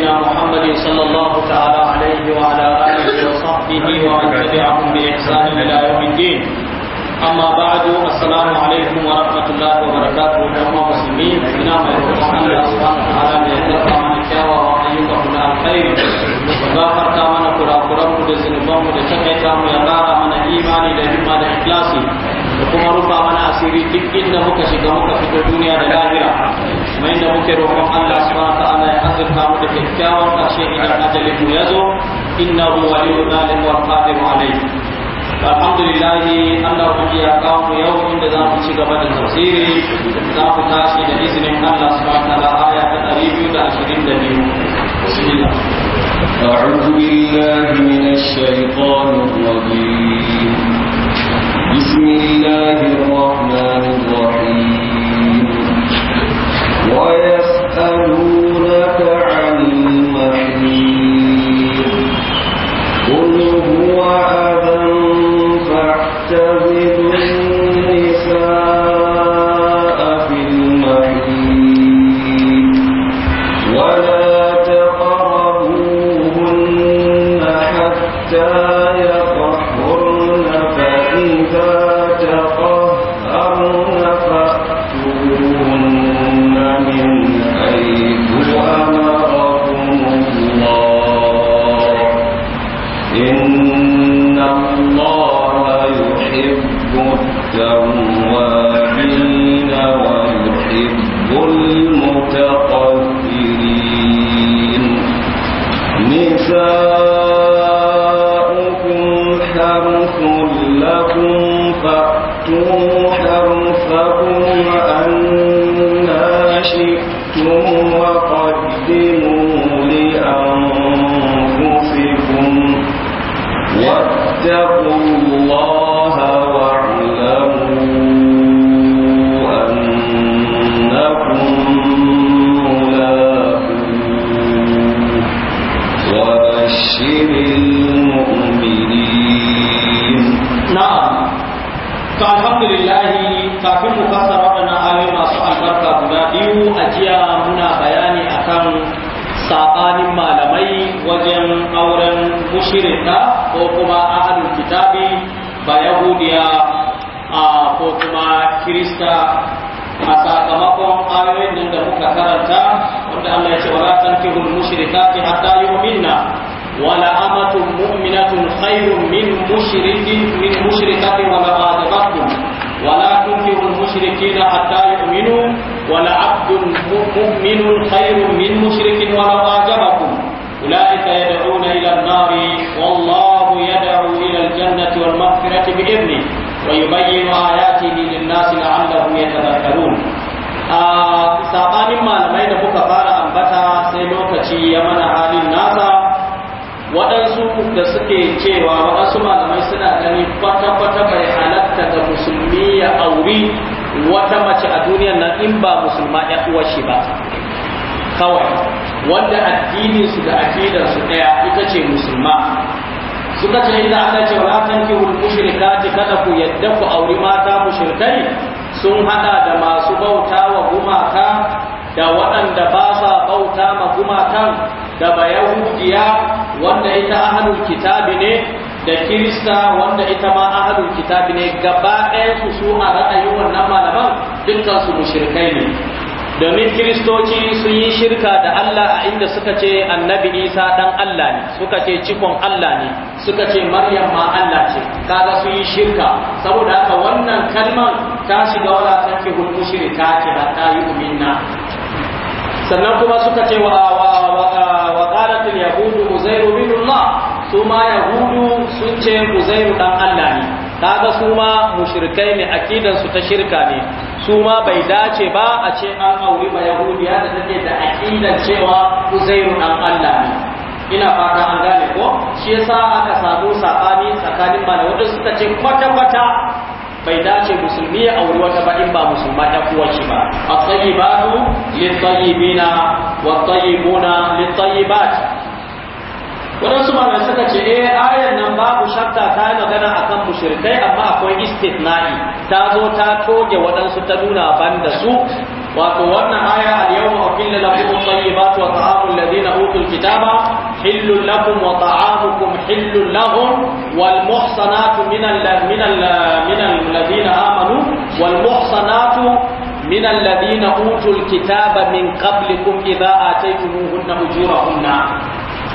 نبينا محمد صلى الله تعالى عليه وعلى آله وصحبه ومن تبعهم بإحسان إلى يوم الدين أما بعد السلام عليكم ورحمة الله وبركاته كما مسلمين بنا من الله سبحانه وتعالى من يتلقى عن الشاوى وأيوك من الخير وغافرت من قرى قرم بسنبهم لتقيت من يقار من إيمان لهم لإخلاصي وكما رفع من أسيري تكين لهم كشكهم كفتو دنيا مين بكر وقم أن لا سواء فأنا يحذر ما مدك الكاو ما شيء إلى الأجل ميزو إنه ولي مال والقادر عليه الحمد لله أن أرحمك يا قوم يوم من دام تشيك بعد التوصيل دام تاشي لإذن أن لا سواء فلا آية تأريب تأشرين دليل بسم أعوذ بالله من الشيطان الرجيم بسم الله الرحمن الرحيم ويسألونك عن da kirista wanda ita ma ahlul kitabi ne gaba ɗaya su su a ra'ayi wannan malaman dukkan su mushrikai ne domin kiristoci sun yi shirka da Allah a inda suka ce annabi Isa dan Allah ne suka ce cikon Allah ne suka ce Maryam ma Allah ce kaga sun yi shirka saboda haka wannan kalman ta shiga wala shirka ke da ta yi yu'minna sannan kuma suka ce wa wa wa qalatul yahudu uzairu billah su ma yahudu ce Uzairu dan Allah ne kaga su ma mushrikai ne akidan su ta shirka ne su ma bai dace ba a ce an auri ba yahudiya da take da akidan cewa Uzairu dan Allah ne ina fata an gane ko shi yasa aka samu sabani tsakanin malamai wadanda suka ce kwata kwata bai dace musulmi ya auri wata ba in ba musulma ta kuwaci ba at-tayyibatu lit-tayyibina wat-tayyibuna lit-tayyibat wadansu malamai suka ce eh ayan nan babu shakka ta magana akan mushrikai amma akwai istithna'i ta zo ta toge wadansu ta nuna ban da su wato wannan aya al-yawma uhilla lakum at-tayyibat wa ta'amu alladhina utul kitaba hillun lakum wa ta'amukum hillun lahum wal muhsanatu min min min alladhina amanu wal muhsanatu من الذين أوتوا الكتاب من قبلكم إذا آتيتموهن أجورهن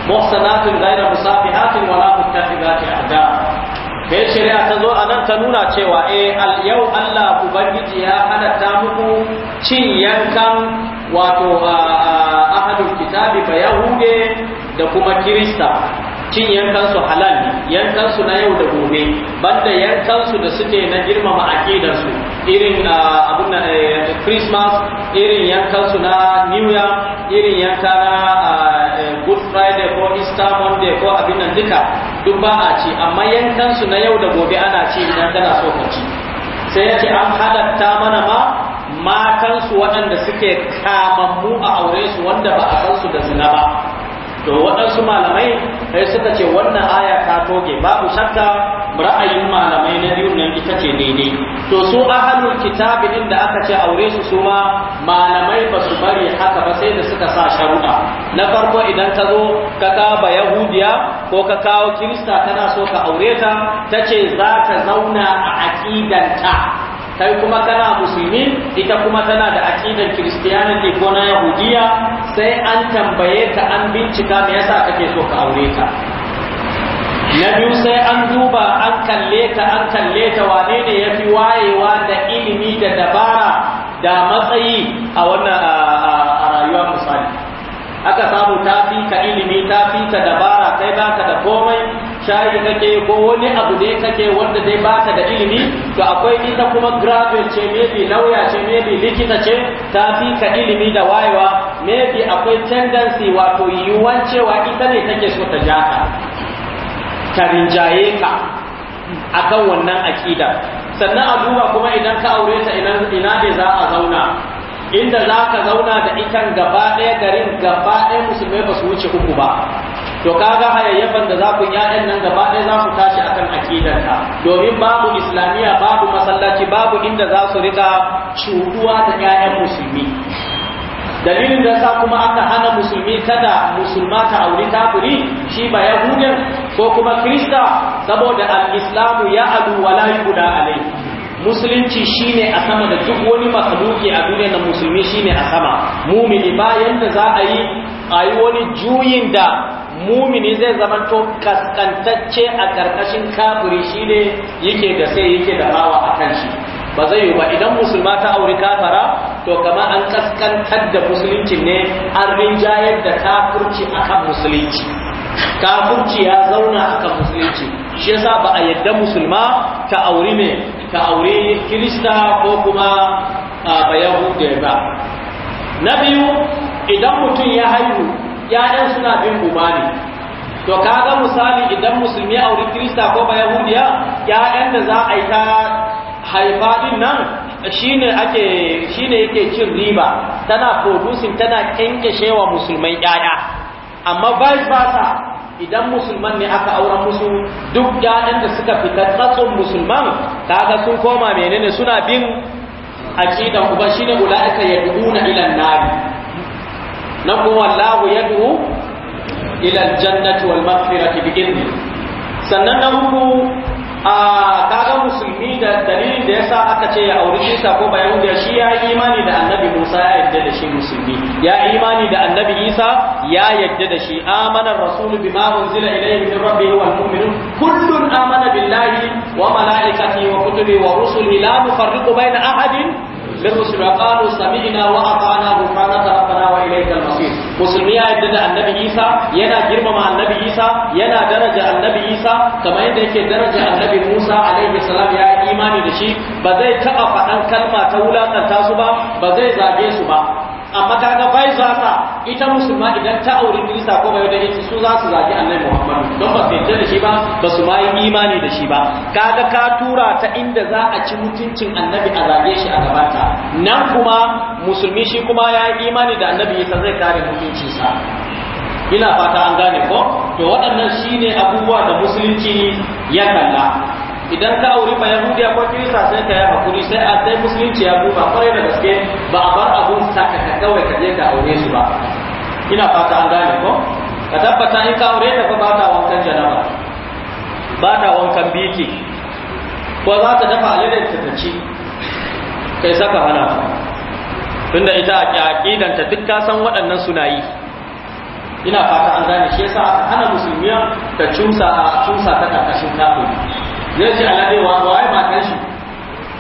muhsanatin ghayra musafihatin wala muttakhidati ahda sai shari'a ta zo a nan ta nuna cewa e yau Allah ubangiji ya halatta muku cin yankan wato ahadul kitabi ba huge da kuma kirista cin su halal ne su na yau da gobe banda yankansu da suke na girmama su irin abun na eh, christmas irin yankansu na new year irin yanka na friday ko easter monday ko abin nan duka duk ba a ci amma yankan su na yau da gobe ana ci idan kana so ka ci sai yace an halatta mana ma matan su waɗanda suke kamammu a aure su wanda ba a san su da zina ba to waɗansu malamai sai suka ce wannan aya ta toge babu shakka ra'ayin malamai na biyu nan ita ce daidai to su ahalul kitabi din da aka ce aure su su ma malamai ba su bari haka ba sai da suka sa sharuɗa na farko idan ka zo ka kaba yahudiya ko ka kawo kirista kana so ka aure ta ta ce za ta zauna a aƙidanta kai kuma kana musulmi ita kuma tana da aƙidan christianity ko na yahudiya sai an tambaye ta an bincika me yasa kake so ka aure ta na biyu sai an duba an kalle ta an kalle ta wane ne ya fi wayewa da ilimi da dabara da matsayi a wannan a rayuwa misali aka samu ta fi ka ilimi ta fi ka dabara kai ba ka da komai shayi kake ko wani abu ne kake wanda dai ka da ilimi to akwai ita kuma graduate ce bi lauya ce bi likita ce ta fi ka ilimi da wayewa bi akwai tendency wato yiwuwan cewa ita ne take so ta ja ka ka rinjaye ka kan wannan aƙidar sannan a duba kuma idan ka aure ta ina ne za a zauna inda za ka zauna da itan gaba ɗaya garin gaba ɗaya musulmai ba su wuce uku ba to kaga hayayyafan da za ku ƴaƴan nan gaba ɗaya za ku tashi akan aƙidar ta domin babu islamiyya babu masallaci babu inda za su riƙa cuɗuwa da ƴaƴan musulmi dalilin da sa kuma aka hana musulmi kada musulma ta auri kafiri shi ba yahudan ko kuma krista saboda al-islamu ya adu wala yuda alai musulunci shine a sama da duk wani makaluki a duniya da musulmi shine a sama mumini bayan da za a yi a wani juyin da mumini zai zama to kaskantacce a karkashin kafiri shine yake da sai yake da bawa a shi ba zai yi ba idan musulma ta auri kafara to kama an kaskantar da musulunci ne an rinjayar da kafurci kan musulunci kafurci ya zauna kan musulunci shi yasa ba a yadda musulma ta auri ne ta auri kirista ko kuma ba yahudiya ba na biyu idan mutum ya haihu ‘ya'yan suna bin uba ne to kaga misali idan musulmi auri kirista ko ba ‘ya'yan da za a yi ta haifa din nan shine ake shine yake cin riba tana producing tana kenkeshewa musulmai yaya amma vice versa idan musulman ne aka aura musu duk yayan da suka fita tsatson musulman kaga sun koma menene suna bin aqida uba shine ulaika yad'una ila an-nar nan wallahu yad'u ila al-jannati wal maghfirati bi idni sannan na a kaga musulmi da dalilin da yasa aka ce ya auri Isa ko bayan da shi ya yi imani da Annabi Musa ya yadda da shi musulmi ya yi imani da Annabi Isa ya yadda da shi amana rasul bima unzila ilayhi min rabbih wal mu'minun kullun amana billahi wa malaikatihi wa kutubi wa lamu la nufarriqu baina ahadin min rusuli qalu sami'na wa ata'na ghufranaka rabbana wa ilaykal masir musulmi ya yarda da annabi isa yana girmama annabi isa yana daraja annabi isa kamar yadda yake daraja annabi musa alaihi salam ya imani da shi ba zai taɓa faɗan kalma ta wulakanta su ba ba zai zage su ba amma kaga bai ta ita musulma idan ta auri kirista ko bai da yake su za su zagi annabi Muhammad don ba su yarda da shi ba ba su ma imani da shi ba kaga ka tura ta inda za a ci mutuncin annabi a zage shi a ta nan kuma musulmi shi kuma ya yi imani da annabi yasa zai kare mutuncinsa ina fata an gane ko to waɗannan shine abubuwa da musulunci ya kalla idan ka auri ba yahudiya ko kirista sai ka yi hakuri sai a sai musulunci ya buba kwarai da gaske ba a bar abun sakaka kawai ka je ka aure su ba ina fata an gane ko ka tabbata in ka aure ta fa ba ta wankan janaba ba ta wankan biki ko za ta dafa alilin ta ci kai saka hana tunda ita a aqidan ta duk ka san waɗannan suna yi ina fata an gane shi yasa aka hana musulmiya ta cusa a cusa ta ƙarƙashin kafiri zai ce alade wa waye matan shi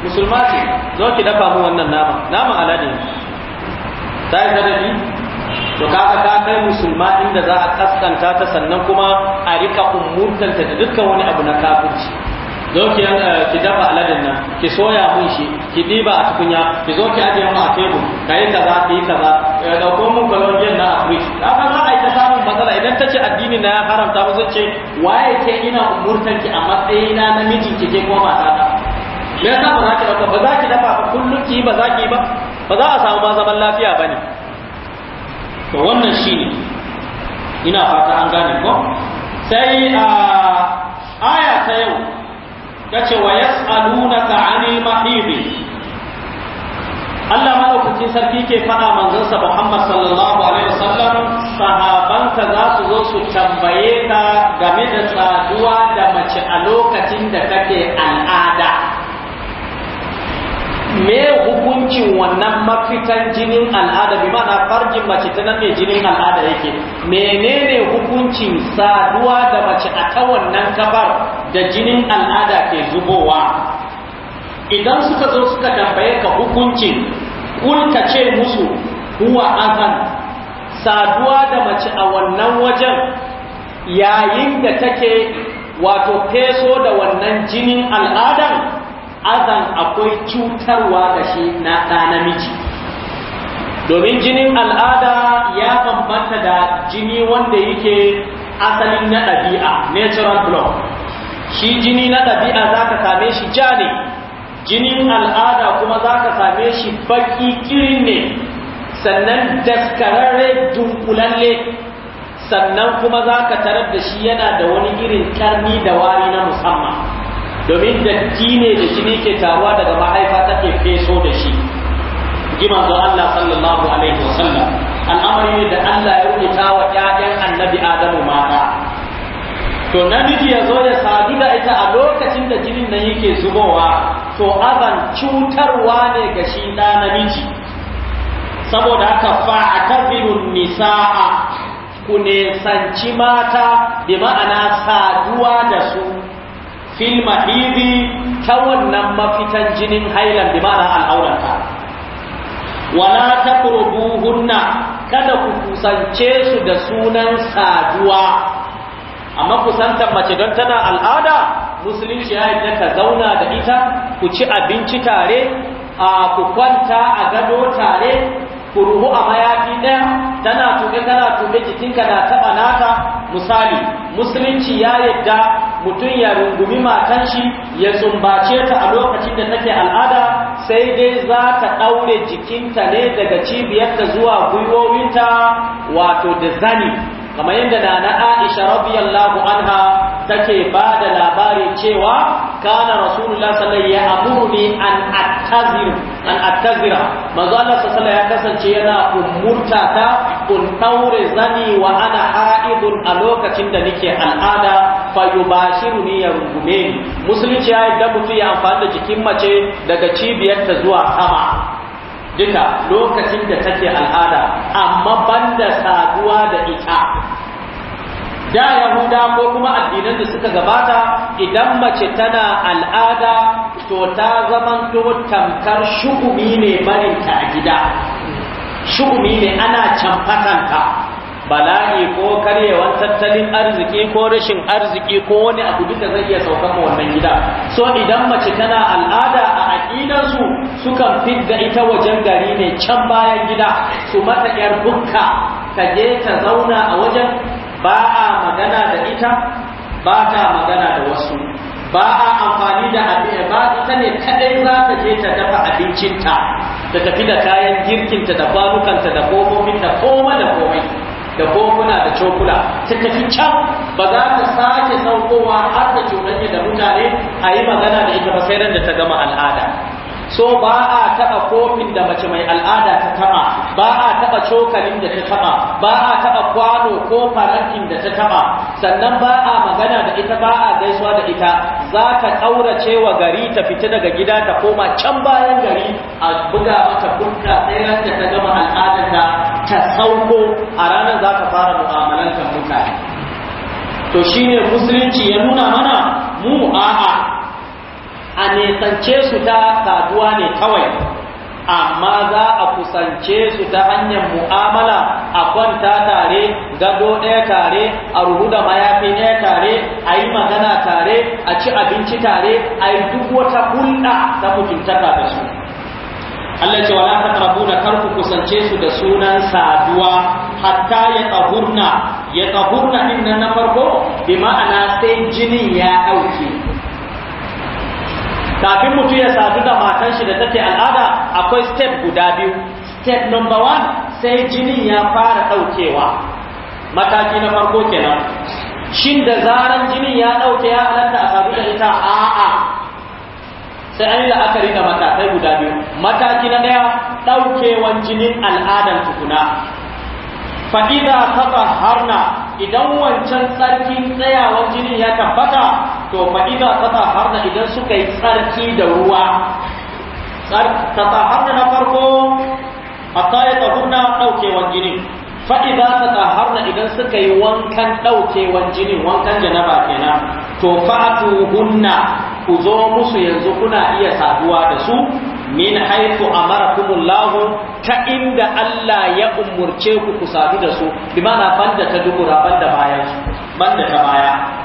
musulma ce zo ki dafa mu wannan nama naman alade ta yi sadari to kaga ka kai musulma inda za a kaskanta ta sannan kuma a rika ummuntanta da dukkan wani abu na kafirci zo ki eh, ki dafa aladin nan ki soya mun shi ki diba a tukunya ki zo ki ajiye mu a tebur kai kaza ki kaza da eh, dauko mun kalonjin na a fridge Na kan za a yi ta samun matsala idan ta ce addini na ya haramta mu zan ce waye ke ina umurtan ki a matsayi na mijin ki ke kuma mata ta me yasa ba za ki dafa ba za ki dafa ba kullum ki ba za ki ba ba za a samu ma zaman lafiya ba ne to wannan ne ina fata an gane ko sai a ah, aya ta yau yace wa yas'alunaka 'anil mahid Allah madaukakin sarki ke faɗa manzansa Muhammad sallallahu alaihi wasallam sahabanka za su zo su tambaye ka game da saduwa da mace a lokacin da kake al'ada me hukuncin wannan mafitan jinin al'ada bi mana farjin mace ta nan ne jinin al'ada yake menene hukuncin saduwa da mace a ta wannan kabar da jinin al'ada ke zubowa idan suka zo suka tambaye ka hukuncin ka ce musu huwa azan saduwa da mace a wannan wajen yayin da take wato feso da wannan jinin al'adan azan akwai cutarwa da shi na ɗa namiji domin jinin al'ada ya bambanta da jini wanda yake asalin na ɗabi'a natural blood shi jini na ɗabi'a za ka same shi ja ne jinin al'ada kuma za ka same shi baki kirin ne sannan daskararre dunkulalle sannan kuma za ka tarar da shi yana da wani irin karni da wari na musamman domin datti ne da shi ke taruwa daga mahaifa take feso da shi gima ga Allah sallallahu alaihi wasallam al'amari ne da Allah ya rubuta wa ƴaƴan annabi Adamu mata to namiji ya zo ya sadu da ita a lokacin da jinin nan yake zubowa to azan cutarwa ne ga shi na namiji saboda haka fa'atabiru nisa'a ku ne sanci mata bi ma'ana saduwa da su fil mahidi ta wannan mafitan jinin hailan bi ma'ana al'aurata wala ta hunna, kada ku kusance su da sunan saduwa amma kusantar mace don tana al'ada musulunci ya yi ka zauna da ita ku ci abinci tare a ku kwanta a gado tare kurhu a mayafi ɗaya tana tuɓe tana tuɓe jikinka na taɓa naka misali musulunci ya yadda mutum ya rungumi matan shi ya sumbace ta a lokacin da take al'ada sai dai za ta ɗaure jikinta ne daga cibiyarta zuwa gwiwowinta wato da zani kamar yadda na na Aisha radiyallahu anha take ba da labari cewa kana rasulullah sallallahu ya amurni an attazir an attazira manzo Allah sallallahu ya kasance yana umurta ta kun taure zani wa ana haidun a lokacin da nake al'ada fa ni ya rungume musulunci ya yadda mutum ya amfani da jikin mace daga cibiyarta zuwa sama duka lokacin da take al'ada amma banda saduwa da ita da yahuda ko kuma addinan da suka gabata idan mace tana al'ada to ta zamanto tamkar shugumi ne barinta a gida shugumi ne ana ka, bala ko karyewan tattalin arziki ko rashin arziki ko wani abu duka zai iya saukan ma wannan gida so idan mace tana al'ada a aƙidansu sukan fidda ita wajen gari ne can bayan gida su mata 'yar bukka ta je ta zauna a wajen ba a magana da ita ba ta magana da wasu ba a amfani da abin ba ita ne kadai za ta je ta dafa abincinta ta tafi da kayan girkinta da kwanukanta da komomin da koma da komai da kofuna da cokula ta tafi can ba za ta sake saukowa har da cuɗanya da mutane a yi magana da ita ba sai ran da ta gama al'ada so ba a taɓa kofin da mace mai al'ada ta taɓa ba a taɓa cokalin da ta taɓa ba a taɓa kwano ko farantin da ta taɓa sannan ba a magana da ita ba a gaisuwa da ita za ka ƙaurace wa gari ta fita daga gida ta koma can bayan gari a buga mata kunta tsayar da ta gama ta. ta sauko a ranar za ka fara mu'amalantar mutane to shi ne musulunci ya nuna mana mu a'a a nesance su ta saduwa ne kawai amma za a kusance su ta hanyar mu'amala a kwanta tare gado ɗaya tare a ruhu da mayafi ɗaya tare a yi magana tare a ci abinci tare a yi duk wata hulɗa ta mutuntaka da su Allah ce wala taqrabuna kar ku kusance su da sunan saduwa hatta ya tahurna ya tahurna din nan na farko bi ma'ana sai jinin ya dauke kafin mutum ya sadu da matan shi da take al'ada akwai step guda biyu step number one sai jinin ya fara daukewa mataki na farko kenan shin da zaran jinin ya dauke ya halatta a sadu da ita a'a sai an yi la'akari da matakai guda biyu mataki na daya ɗaukewan jinin al'adar tukuna fa'iza kafa harna idan wancan tsarki tsayawan jinin ya tabbata to fa'iza kafa harna idan suka yi tsarki da ruwa taɓa harna na farko a tsaye tsaruna faɗi jinin fa'iza kafa harna idan suka yi wankan ɗaukewan jinin wankan janaba kenan to fa'atu hunna ku zo musu yanzu kuna iya saduwa da su min haifu amarakumullahu ta inda Allah ya umurce ku ku sadu da su bi mana banda ta dubura banda bayan banda ta baya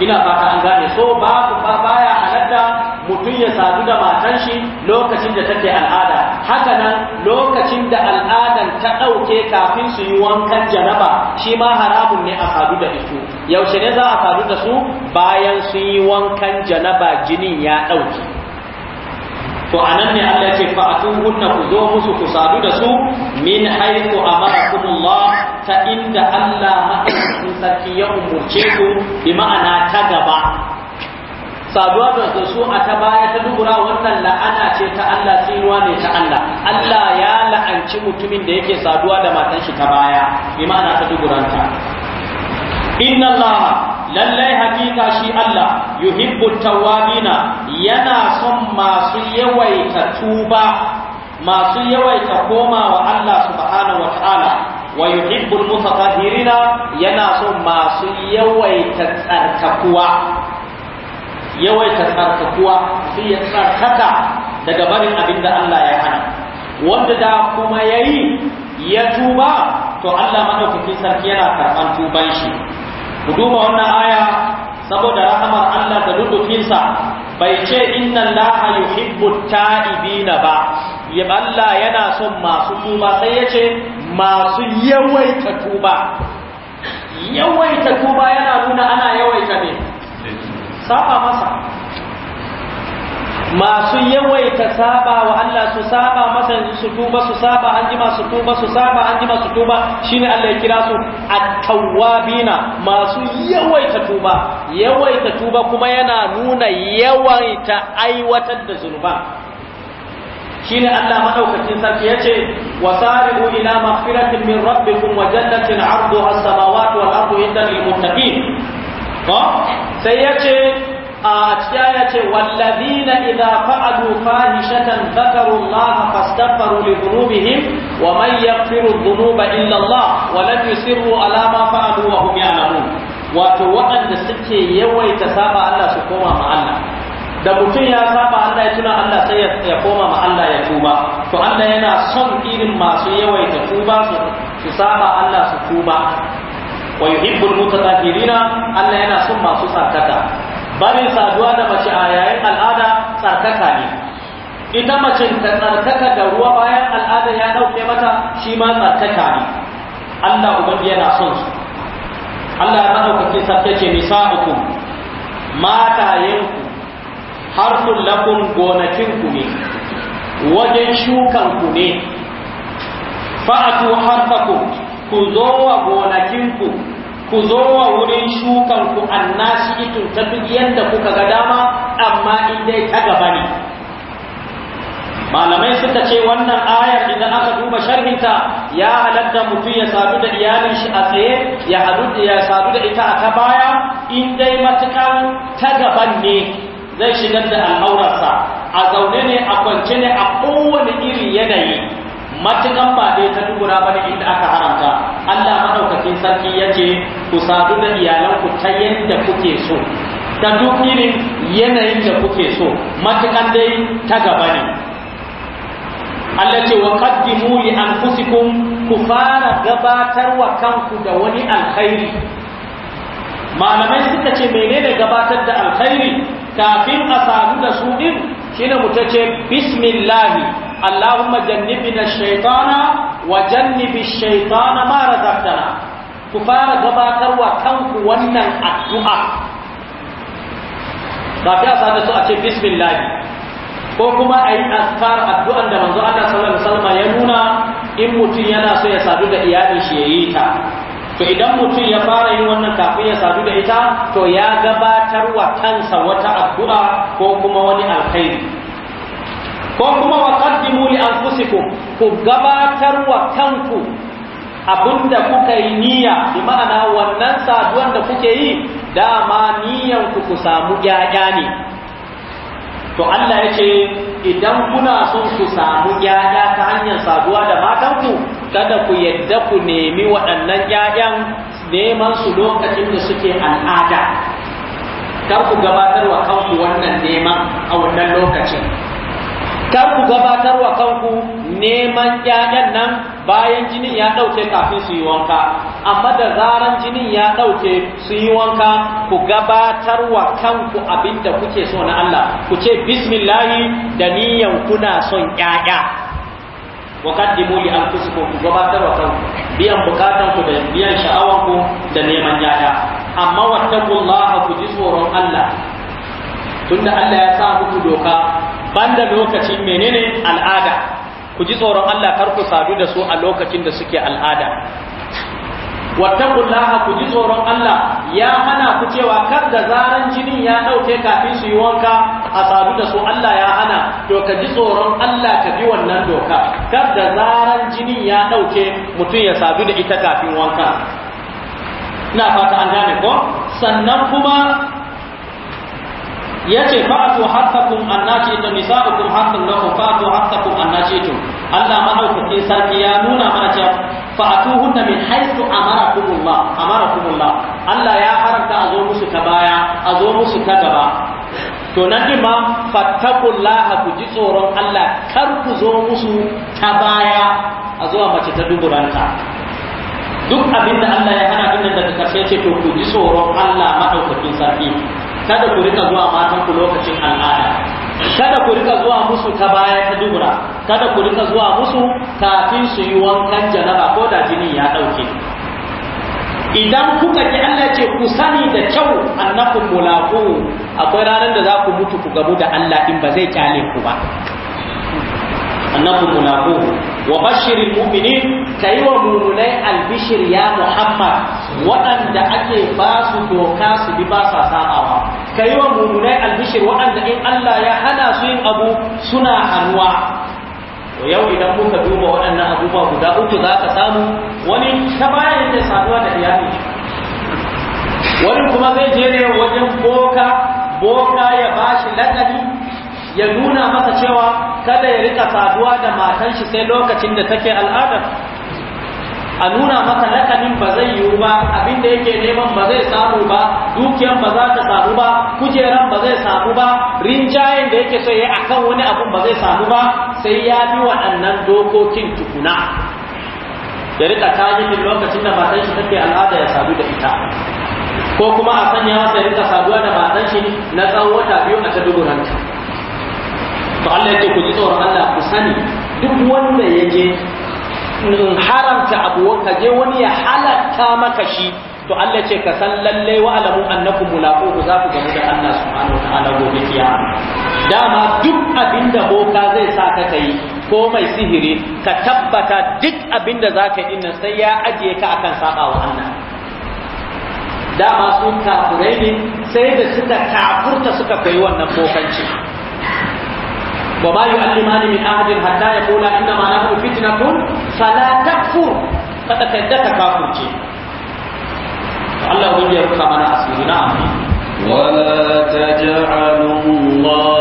ina fata an gane so ba ku ba baya halatta mutum ya sadu da matan shi lokacin da take al'ada haka nan lokacin da al'adan ta ɗauke kafin su yi wankan janaba shi ma haramun ne a sadu da su yaushe ne za a sadu da su bayan su yi wankan janaba jinin ya ɗauke to anan ne Allah ce fa kunna ku zo musu ku sadu da su min haythu amarakumullah ta inda Allah madaukakin sarki ya umurce ku bi ma'ana ta gaba saduwa da su a ta baya ta dubura wannan la'ana ce ta Allah tsinuwa ne ta Allah Allah ya la'anci mutumin da yake saduwa da matan shi ta baya bi ma'ana ta duburanta inna Allah lallai hakika shi Allah yuhibbu tawabina yana son masu yawaita tuba masu yawaita komawa Allah subhanahu wataala wa yuhibbul mutatahhirina yana son masu yawaita tsarkakuwa yawaita tsarkakuwa ya tsarkaka daga barin abin da Allah ya hana wanda da kuma yayi ya tuba to Allah madaukakin sarki yana karɓan tuban shi ku duba wannan aya saboda rahamar Allah da lutufinsa bai ce inna Allah yuhibbu ta'ibina ba ya Allah yana son masu tuba sai ya ce masu yawaita tuba yawaita tuba yana nuna ana yawaita ne saba masa masu yawaita saba wa Allah su saba masa su tuba su saba an jima su tuba su saba an jima su tuba shine Allah ya kira su at-tawwabina masu yawaita tuba yawaita tuba kuma yana nuna yawaita aiwatar da zunuba shine Allah madaukakin sarki yace wasari'u ila maghfiratin min rabbikum wa jannatin 'arduha as-samawati wal ardu 'inda lil muttaqin sai yace a cikin ya ce wallazina idza fa'alu fahishatan dhakaru Allah fastaghfaru li dhunubihim wa mai yaghfiru dhunuba illa Allah wa lam yusirru ala ma fa'alu wa hum ya'lamun wato waɗanda suke yawaita saba Allah su koma ma Allah da mutum ya saba Allah ya tuna Allah sai ya koma ma Allah ya tuba to Allah yana son irin masu yawaita tuba su saba Allah su tuba wa yuhibbul mutatahirina Allah yana son masu tsarkaka babin saduwa da mace a yayin al'ada tsarkaka ne ita mace ta tsarkaka da ruwa bayan al'ada ya ɗauke mata shi ma tsarkaka ne Allah ubangi yana son su Allah ya maɗaukakin ni ce nisa'ukum matayenku harsun lakum gonakinku ne wajen shukanku ne fa'atu harfakum ku zo wa gonakinku ku zo wa wurin shukan ku annashi itun ta duk yadda kuka ga dama amma in dai ta gaba ne malamai suka ce wannan ayar idan aka duba sharhinta ya halatta mutum ya sadu da iyalin shi a tsaye ya hadu ya sadu da ita a ta baya in dai matukan ta gaban ne zai shigar da al'aurarsa a zaune ne a kwance ne a kowane irin yanayi matukan ba dai ta dubura bane inda aka haramta Allah madaukakin sarki yace ku sadu da iyalanku ta yanda kuke so ta duk irin yanayin da kuke so matukan dai ta gaba ne Allah ce wa qaddimu li anfusikum ku fara gabatar wa kanku da wani alkhairi malamai suka ce menene gabatar da alkhairi kafin a sadu da su din shine mutace bismillahi Allahumma jannibna shaitana wa jannibi shaitana ma razaqtana ku fara gabatarwa kanku wannan addu'a ba ta su a ce bismillah ko kuma a yi askar addu'an da manzo Allah sallallahu alaihi wasallam ya nuna in mutum yana so ya sadu da iyalin shi yayi ta to idan mutum ya fara yin wannan kafin ya sadu da ita to ya gabatar wa kansa wata addu'a ko kuma wani alkhairi ko kuma wa qaddimu li anfusikum ku gabatar wa kanku abinda kuka yi niyya bi ma'ana wannan saduwan da kuke yi dama niyyan ku ku samu yaya ne to Allah yace idan kuna so ku samu yaya ta hanyar saduwa da matanku kada ku yadda ku nemi waɗannan yayan neman su lokacin da suke al'ada kar ku gabatar wa kanku wannan neman a wannan lokacin kar ku gabatar wa kanku neman ƴaƴan nan bayan jinin ya ɗauke kafin su yi wanka amma da zaran jinin ya ɗauke su yi wanka ku gabatar wa kanku abin da kuke so na Allah ku ce bismillahi da niyyan kuna son ƴaƴa wa qaddimu li anfusikum ku gabatar wa kanku biyan bukatan da biyan sha'awan da neman ƴaƴa amma wattaqullaha ku ji tsoron Allah tunda Allah ya sa muku doka banda lokaci menene al'ada ku ji tsoron Allah kar ku sadu da su a lokacin da suke al'ada wattaqullaha ku ji tsoron Allah ya hana ku cewa kar da zaran jinin ya dauke kafin su yi wanka a sadu da su Allah ya hana to ka ji tsoron Allah ka bi wannan doka kar da zaran jinin ya dauke mutum ya sadu da ita kafin wanka ina fata an gane ko sannan kuma yace fa'atu hattakum annaki inna nisa'ukum hattun lahum fa'atu hattakum annajitum Allah madaukakin sarki ya nuna mana cewa fa'atuhunna min haythu amarakumullah amarakumullah Allah ya haramta a zo musu ta baya a zo musu ta gaba to nan din ma fattakullaha ku ji tsoron Allah kar ku zo musu ta baya a zuwa mace ta duburanta duk abinda Allah ya hana din da karshe ce to ku ji tsoron Allah madaukakin sarki kada ku rika zuwa matan ku lokacin al'ada kada ku rika zuwa musu ta baya ta dubura kada ku rika zuwa musu kafin su yi wankan janaba ko da jini ya dauke idan kuka ki Allah ce ku sani da kyau annakum mulaku akwai ranar da za ku mutu ku gabu da Allah in ba zai kyale ku ba annakum mulaku wa bashirin mu'minin yi wa mumunai albishir ya muhammad waɗanda ake ba su doka su bi ba sa sa'awa yi wa mumunai albishir waɗanda in Allah ya hana su yin abu suna hannuwa yau idan kuka duba waɗannan abubuwa guda uku za ka samu wani ta bayan da saduwa da iyali wani kuma zai je ne wajen boka boka ya bashi ladabi ya nuna masa cewa kada ya rika saduwa da matan shi sai lokacin da take al'adar a nuna masa lakanin ba zai yiwu ba abin da yake neman ba zai samu ba dukiyan ba za ta samu ba kujeran ba zai samu ba rinjayen da yake so ya akan wani abun ba zai samu ba sai ya bi waɗannan dokokin tukuna ya rika tajimin lokacin da matan shi take al'ada ya sadu da ita ko kuma a sanya masa ya rika saduwa da matan shi na tsawon wata biyu a ta duburanta to Allah ya ku ji tsoron Allah ku sani duk wanda ya in haramta abu ka je wani ya halatta maka shi to Allah ce ka san lalle wa alamu annakum mulaquhu za ku gamu da Allah subhanahu wa ta'ala gobe kiyama dama duk abinda boka zai sa ka kai ko mai sihiri ka tabbata duk abinda zaka yi nan sai ya ajiye ka akan saba wa Allah dama sun kafurai ne sai da suka kafurta suka kai wannan bokanci وما يؤلمان من أحد حتى يقول إنما نحن فتنة فلا تكفر فتتدك كافر الله يرفع من أسمه نعم ولا تجعلوا الله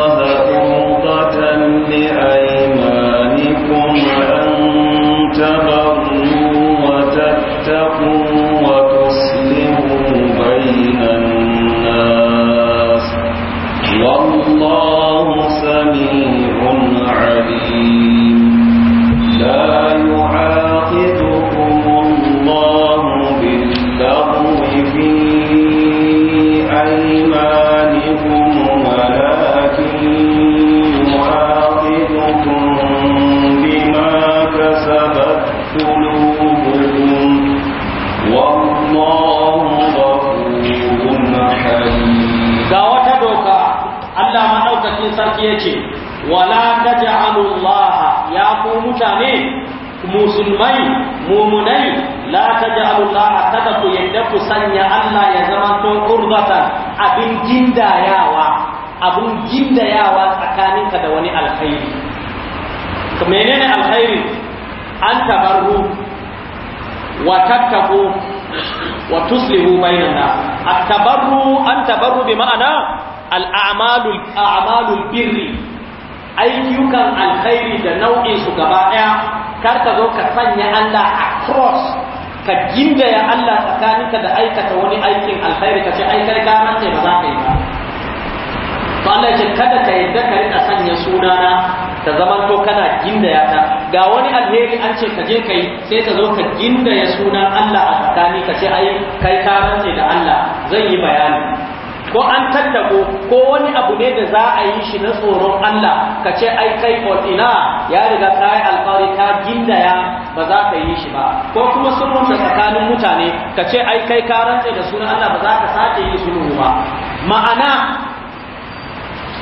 musulmai mumunai la ji Allah kada ku yadda ku sanya Allah ya zama to qurbatan abin jindayawa abun tsakaninka da wani alkhairi to menene alkhairi an tabarru wa tattaku wa tuslihu bainan at-tabarru an tabarru bi ma'ana al-a'malu al-a'malu birri ayyukan alkhairi da nau'in su gaba daya kar ka zo ka sanya Allah a cross ka gindaya Allah tsakaninka da aikata wani aikin alkhairi ka ce ai kai ka mace ba za ka yi ba to Allah ya ce kada ka yadda ka rika sanya sunana ta zaman to kana ya ta ga wani alheri an ce ka je kai sai ka zo ka gindaya sunan Allah a tsakani ka ce ai kai ka da Allah zan yi bayani ko an tattako ko wani abu ne da za a yi shi na tsoron Allah ka ce ai kai ina ya riga kai alfari ka gindaya ba za ka yi shi ba ko kuma sun da tsakanin mutane ka ce ai kai ka rantsa da sunan Allah ba za ka sake yi sulhu ba ma'ana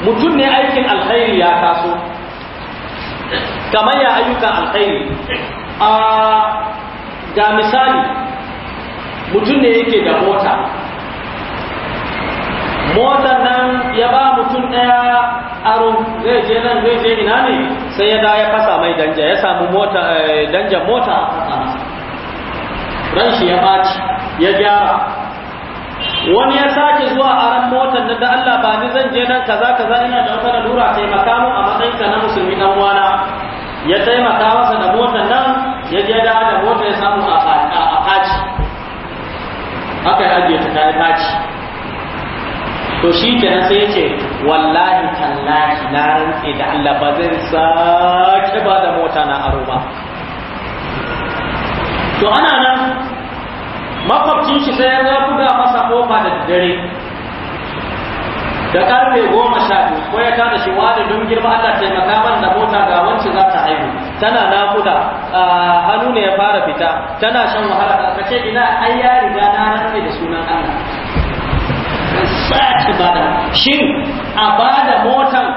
mutum ne aikin alkhairi ya taso kamar ya ayyukan alkhairi a ah, ga misali mutum ne yake da mota motar nan ya ba mutum ɗaya aro zai je nan zai je ina ne sai ya da ya fasa mai danja ya samu mota eh, danja mota a fasa ran shi ya ɓaci ya gyara wani ya sake zuwa a ran motar da Allah ba ni zan je nan kaza kaza ina da wata lura taimaka mu a matsayinka na musulmi dan wana ya taimaka masa da motar nan ya je da da motar ya samu a kaci. haka ya ajiye ta ta faci to shi kenan sai ya ce wallahi tallahi na rantse da Allah ba zan sake ba da mota na aro ba to ana nan makwabcin shi sai ya buga masa kofa da dare da karfe goma sha biyu ko ya tada shi da don girma Allah taimaka man da mota ga wacce za ta haihu tana nakuda hannu ne ya fara fita tana shan wahala ka ce ina ai ya riga na rantse da sunan Allah sace bada shin a bada motan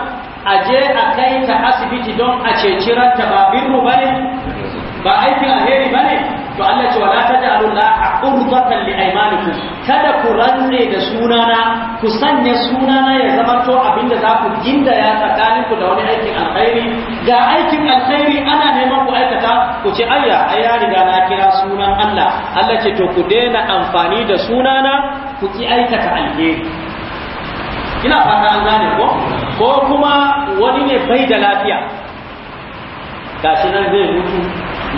a je a kai ta asibiti don a ceci ranta ba ba ne? ba aikin alheri ne? to Allah ce wala taj'alu la aqurbatan li aymanikum kada ku rantse da sunana ku sanya sunana ya zama to abinda za ku ginda ya tsakanin ku da wani aikin alheri. ga aikin alheri ana neman ku aikata ku ce ayya ai ya riga na kira sunan Allah Allah ce to ku daina amfani da sunana ku ki aikata alheri ina fata an gane ko ko kuma wani ne bai da lafiya gashi nan zai mutu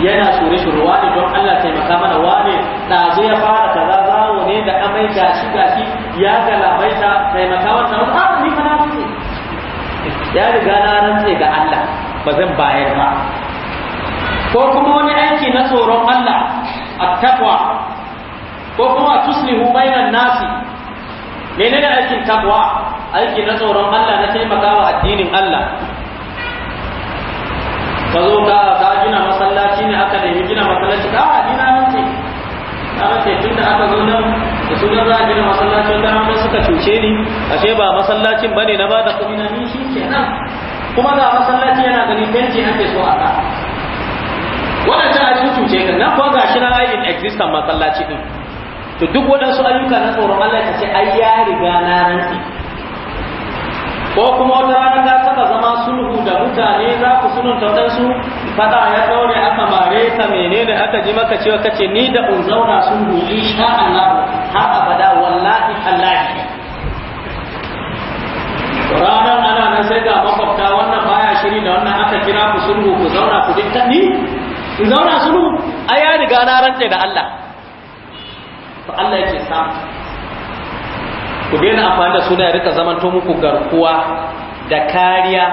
yana tsore shi ruwa don Allah taimaka mana wane ɗaje ya fara kaza zawo ne da amai gashi gashi ya ga galabaita taimaka wannan wata a ni fa na mutu ya riga na rantse ga Allah ba zan bayar ba ko kuma wani aiki na tsoron Allah a takwa ko kuma tuslihu bainan nasi menene aikin takwa aiki na tsoron Allah na taimakawa addinin Allah ka zo ka ka gina masallaci ne aka nemi gina masallaci ka a gina mace na mace tun da aka zo nan da su za a gina masallaci da amma suka cuce ni ashe ba masallacin bane na bada kuɗi na ni shi kenan kuma ga masallaci yana gani fenti ake so a ka wannan ta a cuce ka na ko ga shi na ayin in existan masallaci din to duk waɗansu ayyuka na tsoron Allah ka ce ai ya riga na rantsi ko kuma wata rana ka taɓa zama sulhu da mutane za ku sulhunta waɗansu faɗa ya ɗaure aka mare ka menene aka ji maka cewa kace ni da un zauna sulhu insha Allah ha abada wallahi Allah ranar ana nan sai ga makwabta wannan baya shiri da wannan aka kira ku sulhu ku zauna ku dinka ni ku zauna sulhu ai ya riga na rantse da Allah to Allah yake samu ku daina amfani da suna ya rika zamanto muku garkuwa da kariya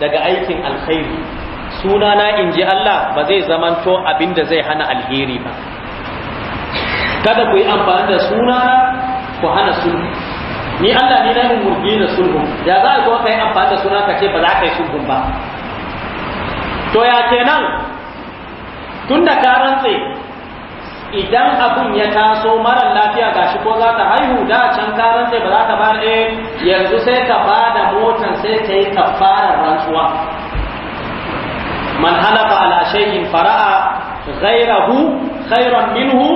daga aikin alkhairi suna na in ji Allah ba zai zaman abin da zai hana alheri ba kada ku yi amfani da suna ku hana sulhu ni Allah ne na murgi na sulhu ya za ku zo kai amfani da suna kace ce ba za ka yi sulhun ba to ya kenan tunda ka rantse idan abun ya taso marar lafiya gashi ko za ta haihu da can karan sai ba za ka ba eh, yanzu sai ka ba da motan sai ka yi kafarar rantsuwa man halafa ala shay'in fara'a ghayrahu khayran minhu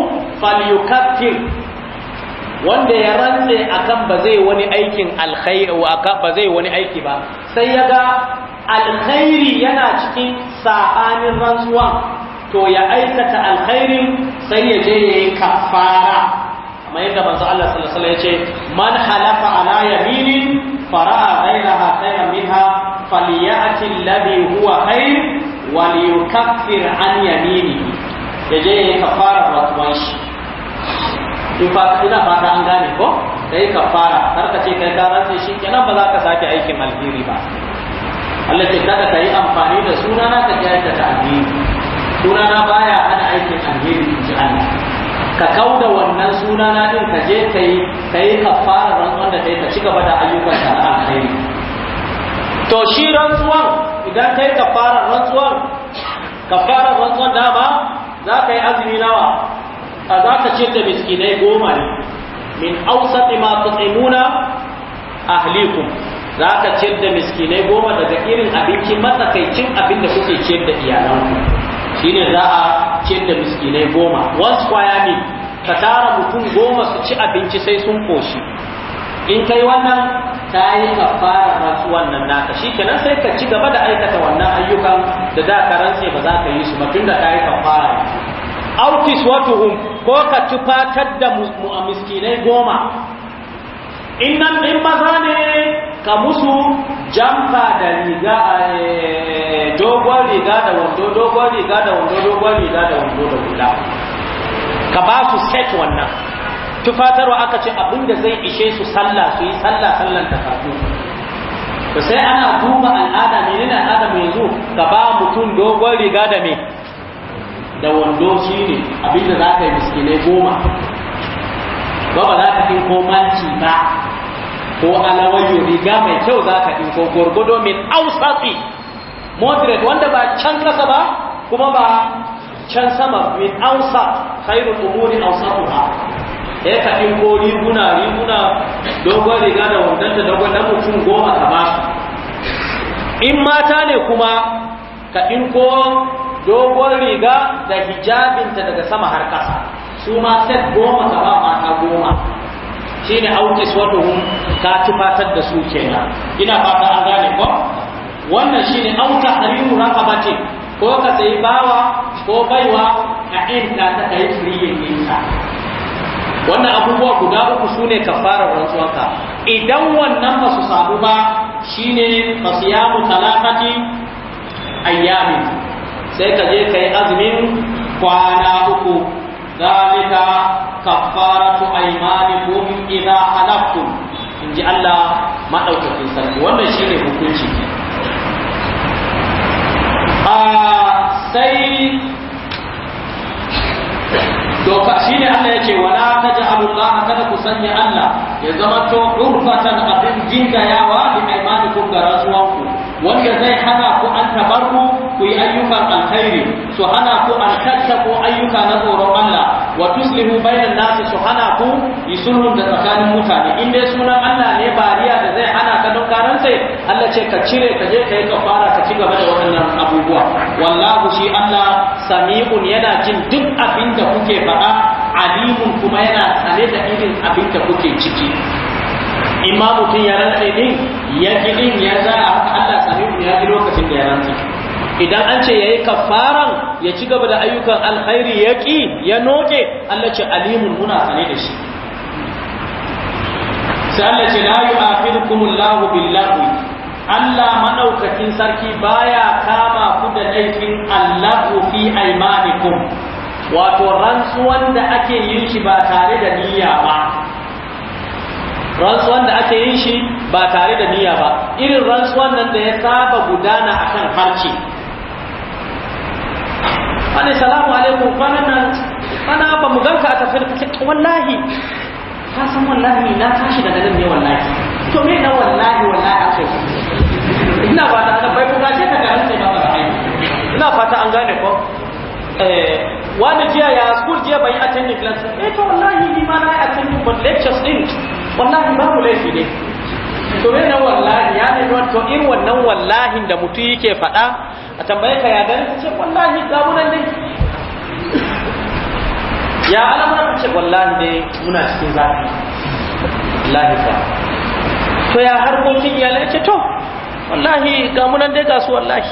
falyukaffir wanda ya rantse akan ba zai wani aikin alkhairi ba zai wani aiki ba sai ya ga alkhairi yana cikin sa'anin rantsuwa to ya aikata alkhairin sai ya je ya yi kafara kamar yadda manzo Allah sallallahu alaihi wasallam ya ce man halafa ala yaminin fara'a ghayraha khayran minha falyati alladhi huwa khayr wa liyukaffir an yaminihi ya je ya yi kafara wa shi ina fata an gane ko ka yi kafara kar ka ce kai ka rantse shi kenan ba za ka sake aikin alheri ba Allah ce kada ka yi amfani da sunana ka ji aikata alheri sunana baya hana aikin alheri in ji Allah ka kau da wannan sunana din ka je ka yi ka fara rantsuwan da kai ka ci gaba da ayyukan ka a alheri to shi rantsuwan idan kai kafara rantsuwan fara rantsuwan dama za ka yi azumi nawa a za ka ce da miskinai goma ne min ausati ma tut'imuna ahlikum za ka ciyar da miskinai goma daga irin abinci matsakaicin abin da kuke ciyar da iyalanku shine za a ciyar da miskinai goma wasu kwaya ne ka tara mutum goma su ci abinci sai sun koshi in kai wannan ta yi ka fara masu wannan naka shi kenan sai ka ci gaba da aikata wannan ayyukan da za ka rantse ba za ka yi su ba da ta yi ka fara aukis watuhum ko ka tufatar da miskinai goma in nan ɗin maza ne ka musu jamfa da riga eh, dogon riga da wando dogon riga da wando dogon riga da wando da hula ka ba su set wannan tufatarwa aka ce abinda zai ishe su sallah su yi sallah sallan ta fatu to sai ana duba al'ada ne al'ada mai yanzu ka ba mutum dogon riga da me da wando shine abinda za ka yi miskinai goma ba ba za ka ɗinko manci ba ko alawayo riga mai kyau za ka ɗinko gwargwado min ausafi moderate wanda ba can kasa ba kuma ba can sama min ausa khairul umuri ha ya ka ko riguna riguna dogon riga da wandanta dogon na mutum goma ka ba in mata ne kuma ka ɗinko dogon riga da hijabinta daga sama har kasa su ma set goma ka ba mata goma autis wato hun ka tufatar da su kenan ina fata an gane ko wannan shi ne auta hariru raqabati ko ka sai bawa ko baiwa a inta ta kai friyin ɗinsa wannan abubuwa guda uku su ne kafarar rantsuwanka idan wannan ba su samu ba shine fasiyamu talakati ayyamin sai ka je ka yi azumin kwana uku ذلك كفارة أيمانكم إذا حلفتم إن جاء الله ما أوكت إنسان وأنا شيء hukunci. sai doka shi ne Allah ya ce wala ta ji Allah kada ku sanya Allah ya zama to urfatan abin jingayawa da aimanikum ga ku. wanda zai hana ku an tabarru ku yi ayyukan alkhairi su hana ku an tattako ayyuka na tsoron Allah wa tuslihu bainan nasu su hana ku yi sulhun da tsakanin mutane in dai sunan Allah ne bariya da zai hana ka don sai Allah ce ka cire ka je ka yi ka ci gaba da waɗannan abubuwa wallahu shi Allah sami'un yana jin duk abin da kuke faɗa alimun kuma yana sane da irin abin da kuke ciki in mutum ya rantse din ya ji din ya za a Allah sami ya ji lokacin da ya rantse idan an ce yayi kafaran ya ci gaba da ayyukan alkhairi ya ki ya noke Allah ce alimun muna sane da shi sai Allah ce la yu'afidukumullahu billahi Allah madaukakin sarki baya kama ku da laifin Allahu fi aymanikum wato rantsuwan da ake yin shi ba tare da niyya ba rantsuwan da ake yi shi ba tare da niyya ba irin rantsuwan nan da ya saba gudana akan harci wani salamu alaikum kwanan nan ana ba mu ganka a tafiyar wallahi ka san wallahi na tashi daga nan ne wallahi to me na wallahi wallahi aka yi ina ba ta tabbai ko ka ce ka ga hankali ba ba ina fata an gane ko eh, wani jiya ya school jiya bai attending class eh to wallahi ni ma na attending but lectures din wallahi ku laifi ne to me na wallahi ya ne to in wannan wallahin da mutum yake faɗa a tambaye ka ya gani ce wallahi ga mu nan ne ya alama ce wallahi ne muna cikin zafi wallahi fa to ya harkokin ya ce to wallahi ga mu nan dai ga su wallahi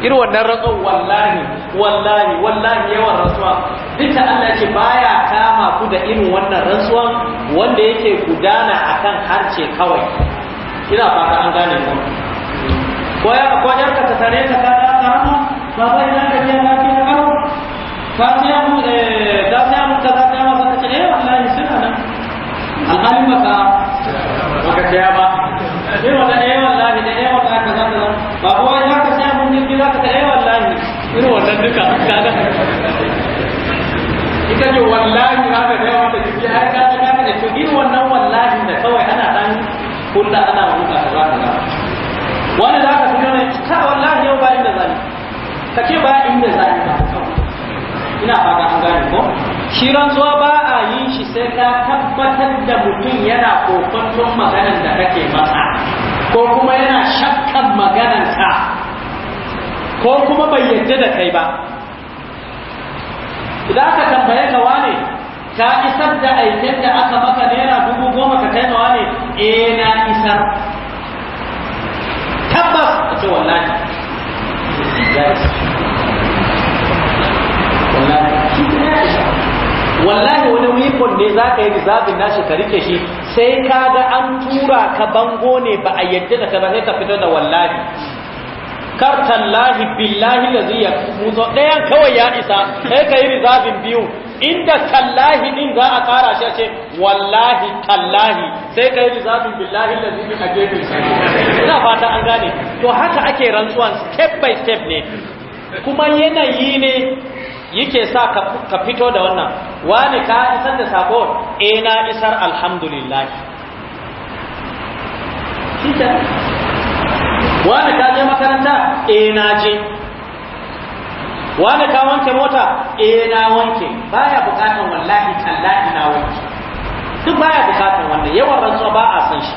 irin wannan rantsuwar wallahi wallahi wallahi yawan rantsuwa duk da Allah ce baya kama ku da irin wannan rantsuwa wanda yake gudana akan harce kawai ina fata an gane ku ko ya ko ya ka tare ka ka ka ba ba ina ka ya na ka ka ka ya mu eh da ya mu ka ka ma ka ce eh wallahi suna nan alhalin ta ce wallahi haka da yawa ta ce ai ka ta ka ta ce irin wannan wallahi da kawai ana dan kulla ana huta da za ka wani za ka fito ne ta wallahi yau ba inda zani ka ce ba inda zani ba ina fata an gane ko shi rantsuwa ba a yi shi sai ka tabbatar da mutum yana kokonton maganar da kake masa ko kuma yana shakkan maganarsa ko kuma bai yadda da kai ba idan ka tambaye ka wane ka isar da aiken da aka maka naira dubu goma ka kai mawa ne eh na isar tabbas a ce wallahi wallahi wani wikon ne za ka yi rizabin nashi ka rike shi sai ka ga an tura ka bango ne ba a yadda da ka ba sai ka fito da wallahi kartan lahi billahi laziya ya ɗayan kawai ya isa sai ka yi rizabin biyu inda tallahi din za a ƙara shi ace, ce wallahi tallahi sai ka yi rizabin billahi laziya a gefe ina fata an gane to haka ake rantsuwan step by step ne kuma yanayi ne yake sa ka fito da wannan wani ka isar da sako eh na isar alhamdulillah wani ka je makaranta eh na je wani ka wanke mota eh na wanke baya bukatan wallahi tallahi na wanke duk baya bukatan wannan yawan rantsuwa ba a san shi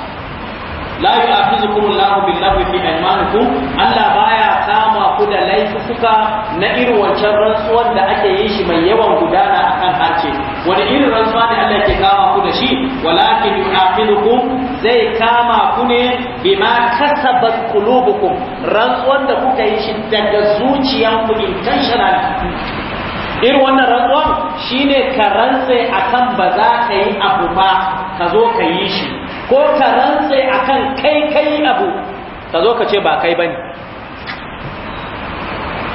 la yu'akhidhukum Allahu bil-laghwi fi aymanikum Allah baya kama ku da laifuka na irin wancan rantsuwar da ake yin shi mai yawan gudana akan harce wani irin rantsuwa ne Allah ke kama ku da shi walakin yu'akhidhukum zai kama ku ne bima kasabat qulubukum rantsuwar da kuka yi shi daga zuciyar ku intentional irin wannan rantsuwan shine ka rantsa akan ba za ka yi abu ba ka zo ka yi shi ko ka rantsa akan kai kai abu ka zo ka ce ba kai bane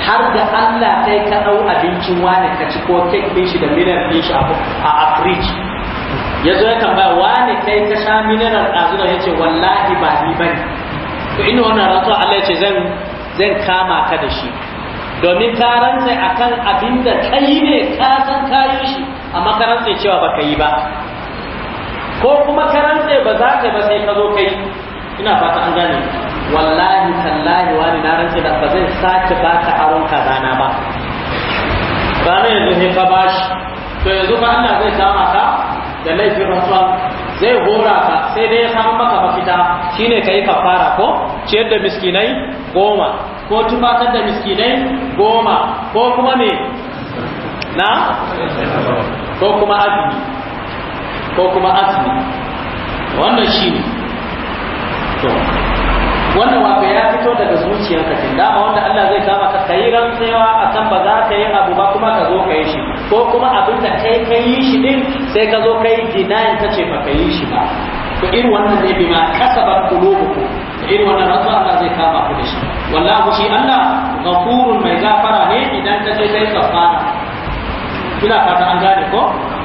har da Allah kai ka dau abincin wani ka ci ko kek din shi da minan din shi a fridge ya zo ya tambaya wani kai ka sha mineral ɗazu ya ce wallahi ba ni ba ne to ina wannan rantsuwa Allah ya ce zan zan kama ka da shi domin ka rantsa akan abinda da kai ne ka san ka yi shi amma ka rantsa cewa ba ka yi ba ko kuma ka rantsa ba za ka ba sai ka zo kai ina fata an gane wallahi tallahi wani na rantsa da ba zai sake ba ka aron zana ba ranar yanzu sai ka bashi to yanzu ba Allah zai kama ka da laifin rantsuwa zai hora ka sai dai ya samu maka mafita shine kai kafara ko ciyar da miskinai goma ko tumatar da miskinai goma ko kuma ne na ko kuma azumi ko kuma azumi wannan shine to wannan wafe ya fito daga zuciyarka tun dama wanda Allah zai kama ka kayi rantsewa akan ba za ka yi abu ba kuma ka zo ka yi shi ko kuma abin da kai kai yi shi din sai ka zo kai dinayin ta ce baka yi shi ba to irin wannan ne bima kasabar To irin wannan rantsuwa Allah zai kama ku da shi wallahu shi Allah ghafurun mai gafara ne idan ka je kai kafara kina fata an gane ko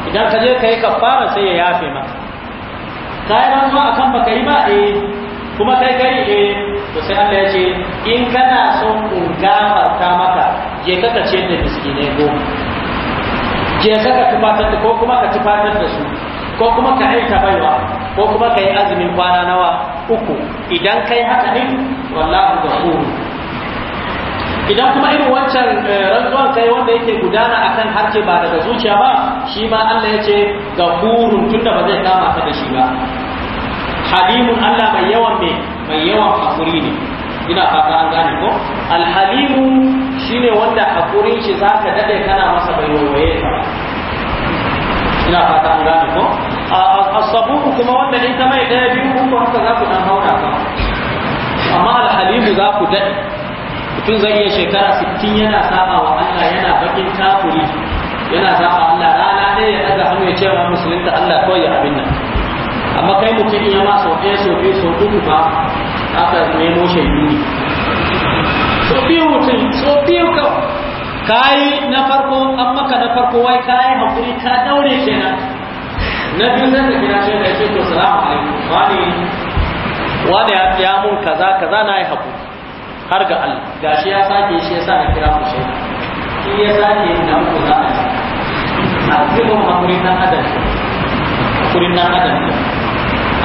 idan ka je kai kafara sai ya yafe maka kai rantsuwa akan baka yi ba eh kuma kai kai eh to sai Allah ya ce in kana son ku gafarta maka je ka kace da miskinai goma je ka ka tufatar da ko kuma ka tufatar da su ko kuma ka aika baiwa ko kuma ka yi azumin kwana nawa uku idan kai haka din wallahu ghafuru idan kuma irin wancan eh, rantsuwan kai wanda yake gudana akan harce ba daga zuciya ba shi ma Allah ya ce gafurun tunda ba zai kama ka da shi ba halimun Allah mai yawan mai yawan hakuri ne ina fata an gane ko alhalimu shine wanda hakurin shi zaka dade kana masa bai waye ba ina fata an gane ko asaburu kuma wanda ne ta mai daya biyu ko haka za ku dan haura ka amma alhalimu za ku dade mutum zai iya shekara 60 yana saba wa Allah yana bakin kafuri yana saba Allah rana ɗaya ya daga hannu ya ce wa musulunta Allah kawai ya abin nan amma kai mutum ya ma sau ɗaya sau biyu sau uku ba aka nemo shaidu ne sau biyu mutum sau biyu ka kayi na farko an maka na farko wai kayi hakuri ka daure kenan na biyu zan da gina ce da ya ce to salamu alaikum wani wani ya mun kaza kaza na yi hakuri har ga Allah gashi ya sake shi ya sa na kira ku shaida shi ya sake da muku za a yi a cikin hakuri na adam hakuri na adam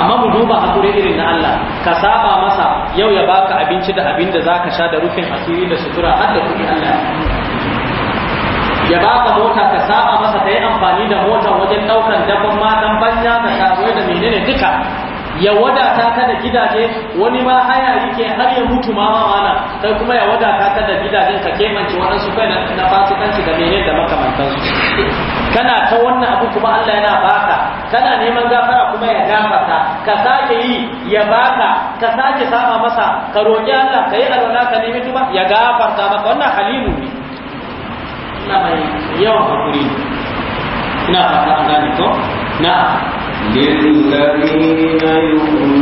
amma mu duba hakuri irin na Allah ka saba masa yau ya baka abinci da abin da zaka sha da rufin asiri da sutura har da kudi Allah ya baka mota ka saba masa ta yi amfani da mota wajen ɗaukan dabban matan banya da karuwa da menene duka ya wadata ka da gidaje wani ma haya yake har ya mutu ma mana kai kuma ya wadata ka da gidajen ka kemance waɗansu kai na fasikanci da menene da makamantansu kana ta wannan abu kuma Allah yana baka kana neman gafara kuma ya gafarta ka sake yi ya baka ka sake sama masa ka roƙi Allah ka yi alwala ka nemi tuba ya gafarta maka wannan halimu ne ina mai yawan hakuri ina fata an gane ko na yu'minu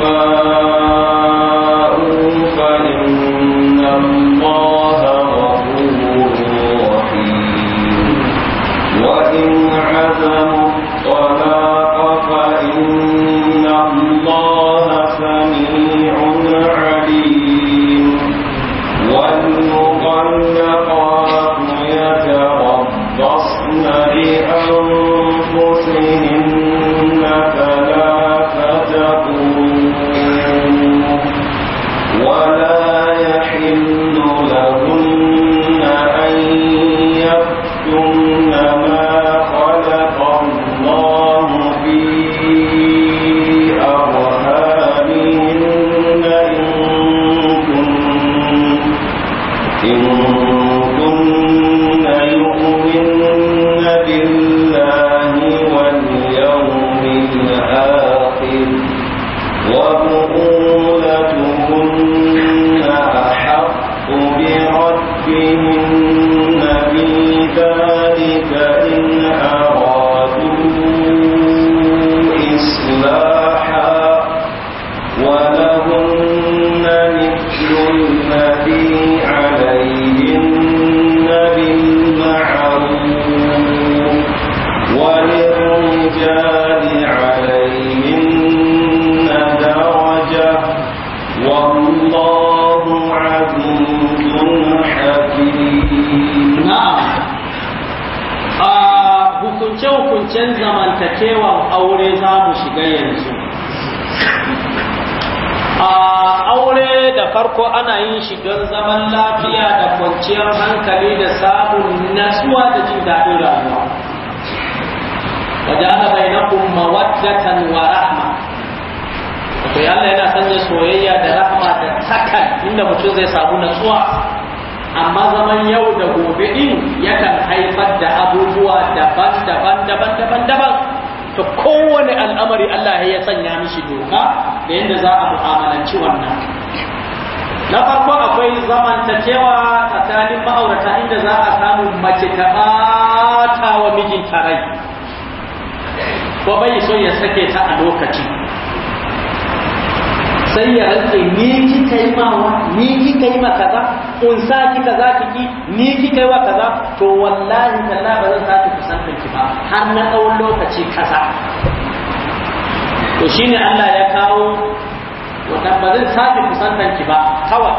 فإن kunsa kika za ki ki ni ki kai wa kaza to wallahi talla ba zan sake kusantar ki ba har na tsawon lokaci kaza to shine Allah ya kawo wata ba zan sake kusantar ki ba kawai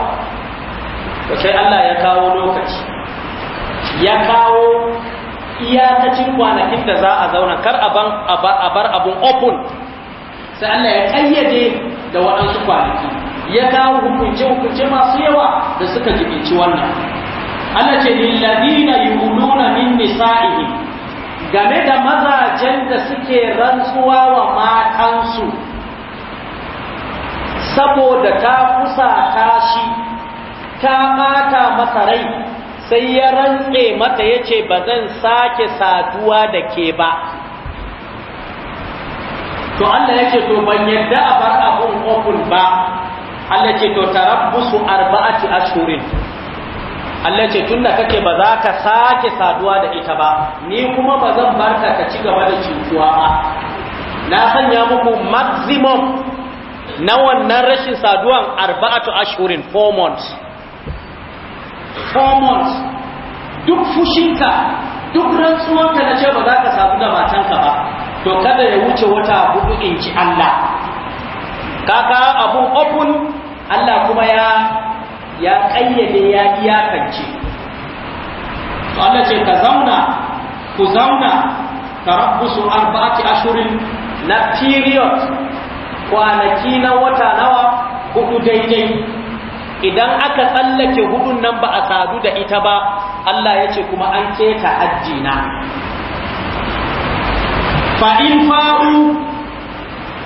to sai Allah ya kawo lokaci ya kawo iyakacin kwanakin da za a zauna kar a bar abun open sai Allah ya kayyade da waɗansu kwanaki ya kawo hukunce-hukunce masu yawa da suka jibinci wannan Allah ce lilladina yuluna min nisa'ihi game da mazajen da suke rantsuwa wa matansu saboda ta ta shi ta mata masa rai sai ya rantse mata yace ba zan sake saduwa da ke ba to Allah yake to ban yadda a bar abun ofun ba Allah ce to tarabbusu arba'ati ashurin Allah ce tunda kake ba za ka sake saduwa da ita ba ni kuma ba zan barka ka ci gaba da cutuwa ba na sanya muku maximum na wannan rashin saduwan arba'atu ashurin 4 months 4 months duk fushinka duk rantsuwanka na ce ba za ka sadu da matanka ba to kada ya wuce wata hudu in ci Allah kaka abun open Allah kuma ya ya kayyade ya iyakance Allah ce ka zauna ku zauna tarabbusu arba'ati ashurin na period kwanaki na wata nawa hudu daidai idan aka tsallake hudun nan ba a sadu da ita ba Allah ya ce kuma an keta hajji na in fa'u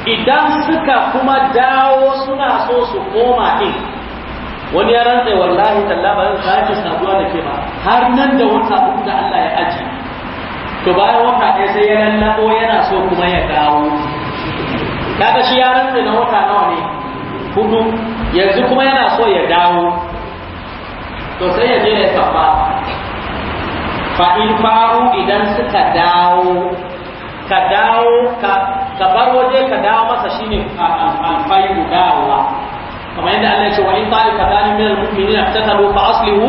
idan suka kuma dawo suna so su koma in wani ya rantsa wallahi talla ba zai sake saduwa da ke ba har nan da wata uku da Allah ya aji to bayan wata ɗaya sai ya lallaɓo yana so kuma ya dawo kaga shi ya rantsa na wata nawa ne hudu yanzu kuma yana so ya dawo to sai ya je ya sabba fa in faru idan suka dawo ka dawo ka bar waje ka dawo masa shine alfayu dawowa kamar yadda Allah ya ce wa in ta'i ka dani min al-mu'minin tatalu fa aslihu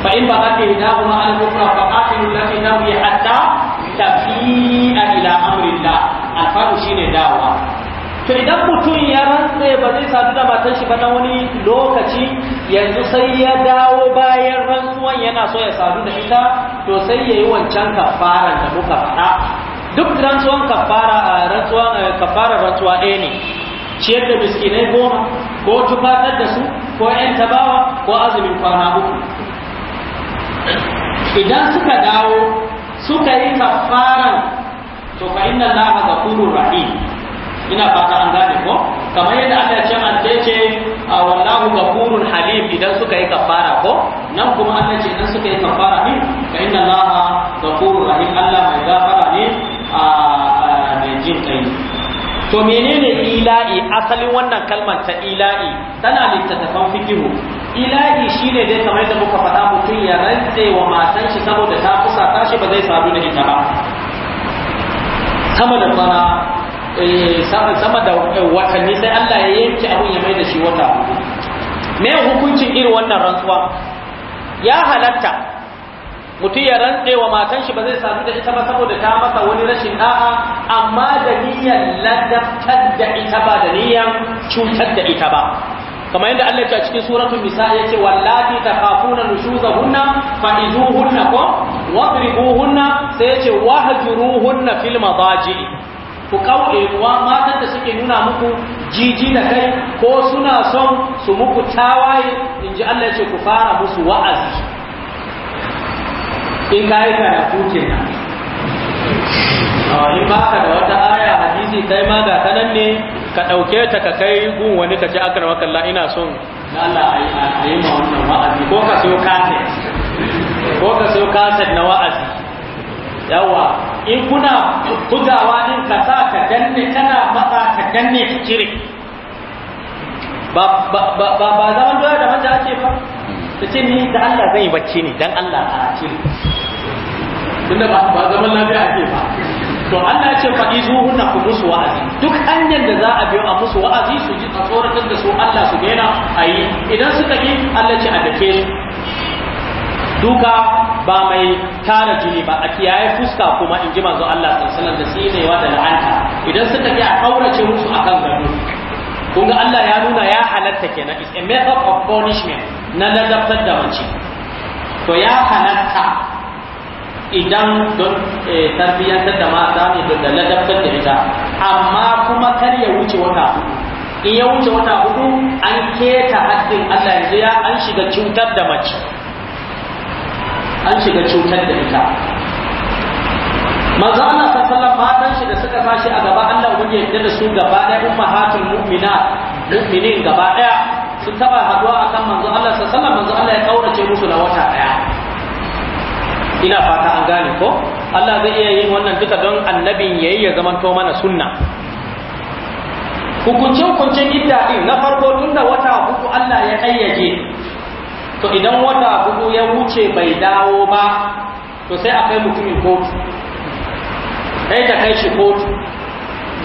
fa in baqati ihdahuma ma al-ukhra fa qatilu allati nawi hatta tafi'a ila amrillah alfayu shine dawowa to idan mutum ya rantsa ba zai sadu da matan shi ba na wani lokaci yanzu sai ya dawo bayan rantsuwan yana so ya sadu da ita to sai ya yi wancan kafaran da muka faɗa duk rantsuwan kafara a rantsuwan eh, kafarar rantsuwa ɗaya ne ciyar da miskinai goma ko tufatar da su ko yan tabawa ko azumin kwana uku idan suka dawo suka yi kafaran to fa inna ga ghafurur rahim ina fata an gane ko kamar yadda Allah ya ce man ce wallahu kurun halim idan suka yi kafara ko nan kuma Allah ce idan suka yi kafara ne fa inna allaha ghafurur rahim Allah mai gafara to menene ila'i asalin wannan kalmar ta ila'i tana littattafan fikihu ila'i shine dai kamar da muka faɗa mutum ya rantse wa matan shi saboda ta kusa ta ba zai sadu da ita ba sama da eh, sama da eh, watanni sai Allah ya yanke abun ya mai da shi wata me hukuncin irin wannan rantsuwa ya halatta mutum ya rantse wa matan shi ba zai sadu da ita ba saboda ta masa wani rashin da'a amma da niyyar ladabtar da ita ba da niyyar cutar da ita ba kamar yadda Allah ya cikin suratul nisa yace wallati takhafuna nushuzahunna fa'izuhunna ko wadribuhunna sai yace wahjuruhunna fil madaji ku kauɗe wa matan da suke nuna muku jiji da kai ko suna son su muku tawaye inji Allah yace ku fara musu wa'azi in ka yi karatu kenan ah, in ba ka da wata aya hadisi kai ma ga ta nan ne ka ɗauke ta ka kai gun wani ka ce akar makalla ina son na Allah a yi ma wannan wa'azi ko ka so kaset ko ka so kaset na wa'azi yawa in kuna bugawa din ka sa ka danne kana matsa ka danne ka cire ba ba ba ba zaman doya da manja ake ba, ta ce ni da Allah zai bacci ne dan Allah a cire tunda ba ba zaman lafiya ake ba to Allah ya ce fa izuhunna ku musu wa'azi duk hanyar da za a biyo a musu wa'azi su ji a tsoratar da su Allah su daina ayi idan suka yi Allah ce a dake duka ba mai tara jini ba a kiyaye fuska kuma in ji manzo Allah sallallahu alaihi wasallam da sinewa da la'anta idan suka yi a kaurace musu akan gado kun ga Allah ya nuna ya halatta kenan is a method of punishment na ladabtar da mace to ya halatta idan don eh, tarbiyyantar da mata ne da ladabtar da ita amma kuma kar ya wuce wata in ya wuce wata hudu an keta haddin Allah yanzu ya an shiga cutar da mace an shiga cutar da ita manzo Allah sallallahu matan shi da suka fashi a gaba Allah wani yadda da su gaba ɗaya ummahatul mu'minat mu'minin gaba ɗaya su taba haduwa akan manzo Allah sallallahu manzo Allah ya kaurace musu na wata ɗaya ina fata an gane ko Allah zai iya yin wannan duka don annabin yayi ya zamanto mana sunna hukunce hukunce idda din na farko dunda wata hudu Allah ya kayyade to idan wata hudu ya wuce bai dawo ba to sai a kai mutumin kotu sai ta kai shi kotu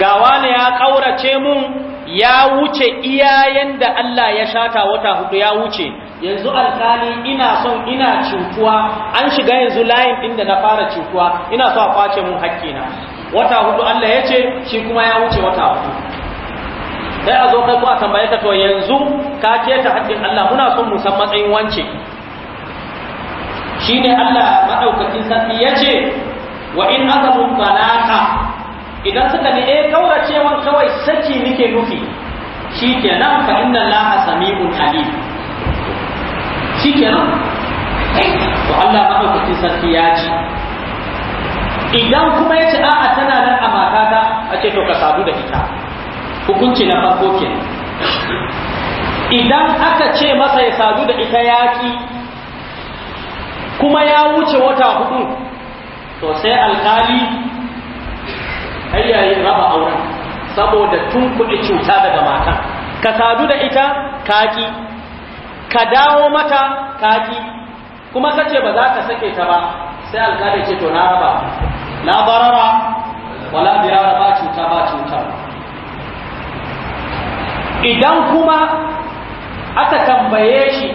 gawa wani ya kaurace mun ya wuce iyayen da Allah ya shata wata hudu ya wuce yanzu alkali ina son ina cutuwa an shiga yanzu layin ɗin da na fara cutuwa ina so a kwace mun haƙƙina wata hudu Allah ya ce shi kuma ya wuce wata hudu sai a zo kai ko a tambaye ka to yanzu ka keta haƙƙin Allah muna son mu san matsayin wance shine Allah madaukakin sarki ya ce wa in azabu talaqa idan suka ne eh kauracewan kawai saki nike nufi shikenan fa inna Allah sami'un alim shi kenan eh, to Allah sarki ya ci. idan kuma ya ce a'a tana nan a matata a ce to ka sadu da ita hukunci na farko ke. idan aka ce masa ya sadu da ita ya ki, kuma ya wuce wata hudu to sai alkali ayyayin raba auren saboda tun kuɗi cuta daga matan ka sadu da ita kaki ka dawo mata kaki kuma kace ba za ka sake ta ba sai alƙalai ce to na raba na barara wala biyara ba cuta ba cuta idan kuma aka tambaye shi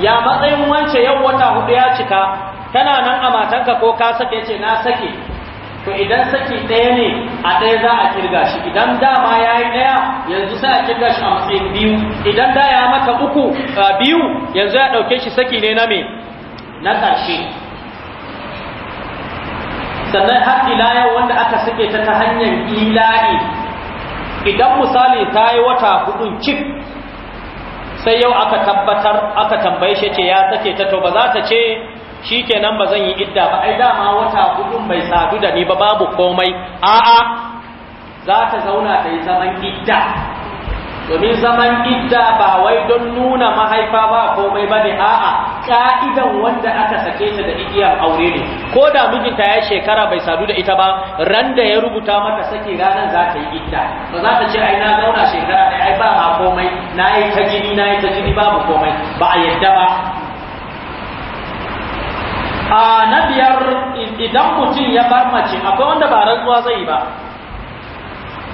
ya matsayin wance yau wata hudu ya cika tana nan a matanka ko ka sake ce na sake to idan saki ɗaya ne a ɗaya za a kirga shi idan dama ya yi ɗaya yanzu sai a kirga shi a matsayin biyu idan da ya mata uku biyu yanzu ya ɗauke shi saki ne na me na ƙarshe sannan har ila wanda aka sake ta ta hanyar ila'i idan misali ta yi wata hudun cik sai yau aka tabbatar aka tambaye shi ce ya sake ta to ba za ta ce shi shikenan ba zan yi idda ba ai dama wata hudun bai sadu da ni ba babu komai a'a za ta zauna ta yi zaman idda domin zaman idda ba wai don nuna mahaifa ba komai ba ne a'a ƙa'idan wanda aka sake ta da igiyar aure ne ko da mijinta ya shekara bai sadu da ita ba ran da ya rubuta mata saki, ranar za ta yi idda ba za ta ce ai na zauna shekara ɗaya ai ba ma komai na yi ta jini na yi ta jini babu komai ba a yadda ba idan mutum ya bar mace akwai wanda ba rantsuwa zai ba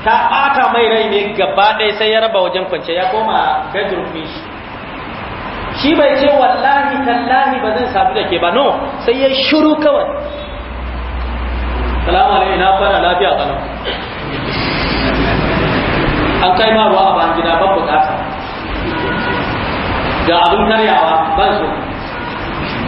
ta ɓata mai rai ne gaba ɗaya sai ya raba wajen kwance ya koma bedroom shi shi bai ce wallahi tallahi ba zai sabu da ke ba no sai ya shiru kawai salamu alaikum na fara lafiya kanu an kai ma ruwa a bayan gida ban bukata ga abin karyawa ban so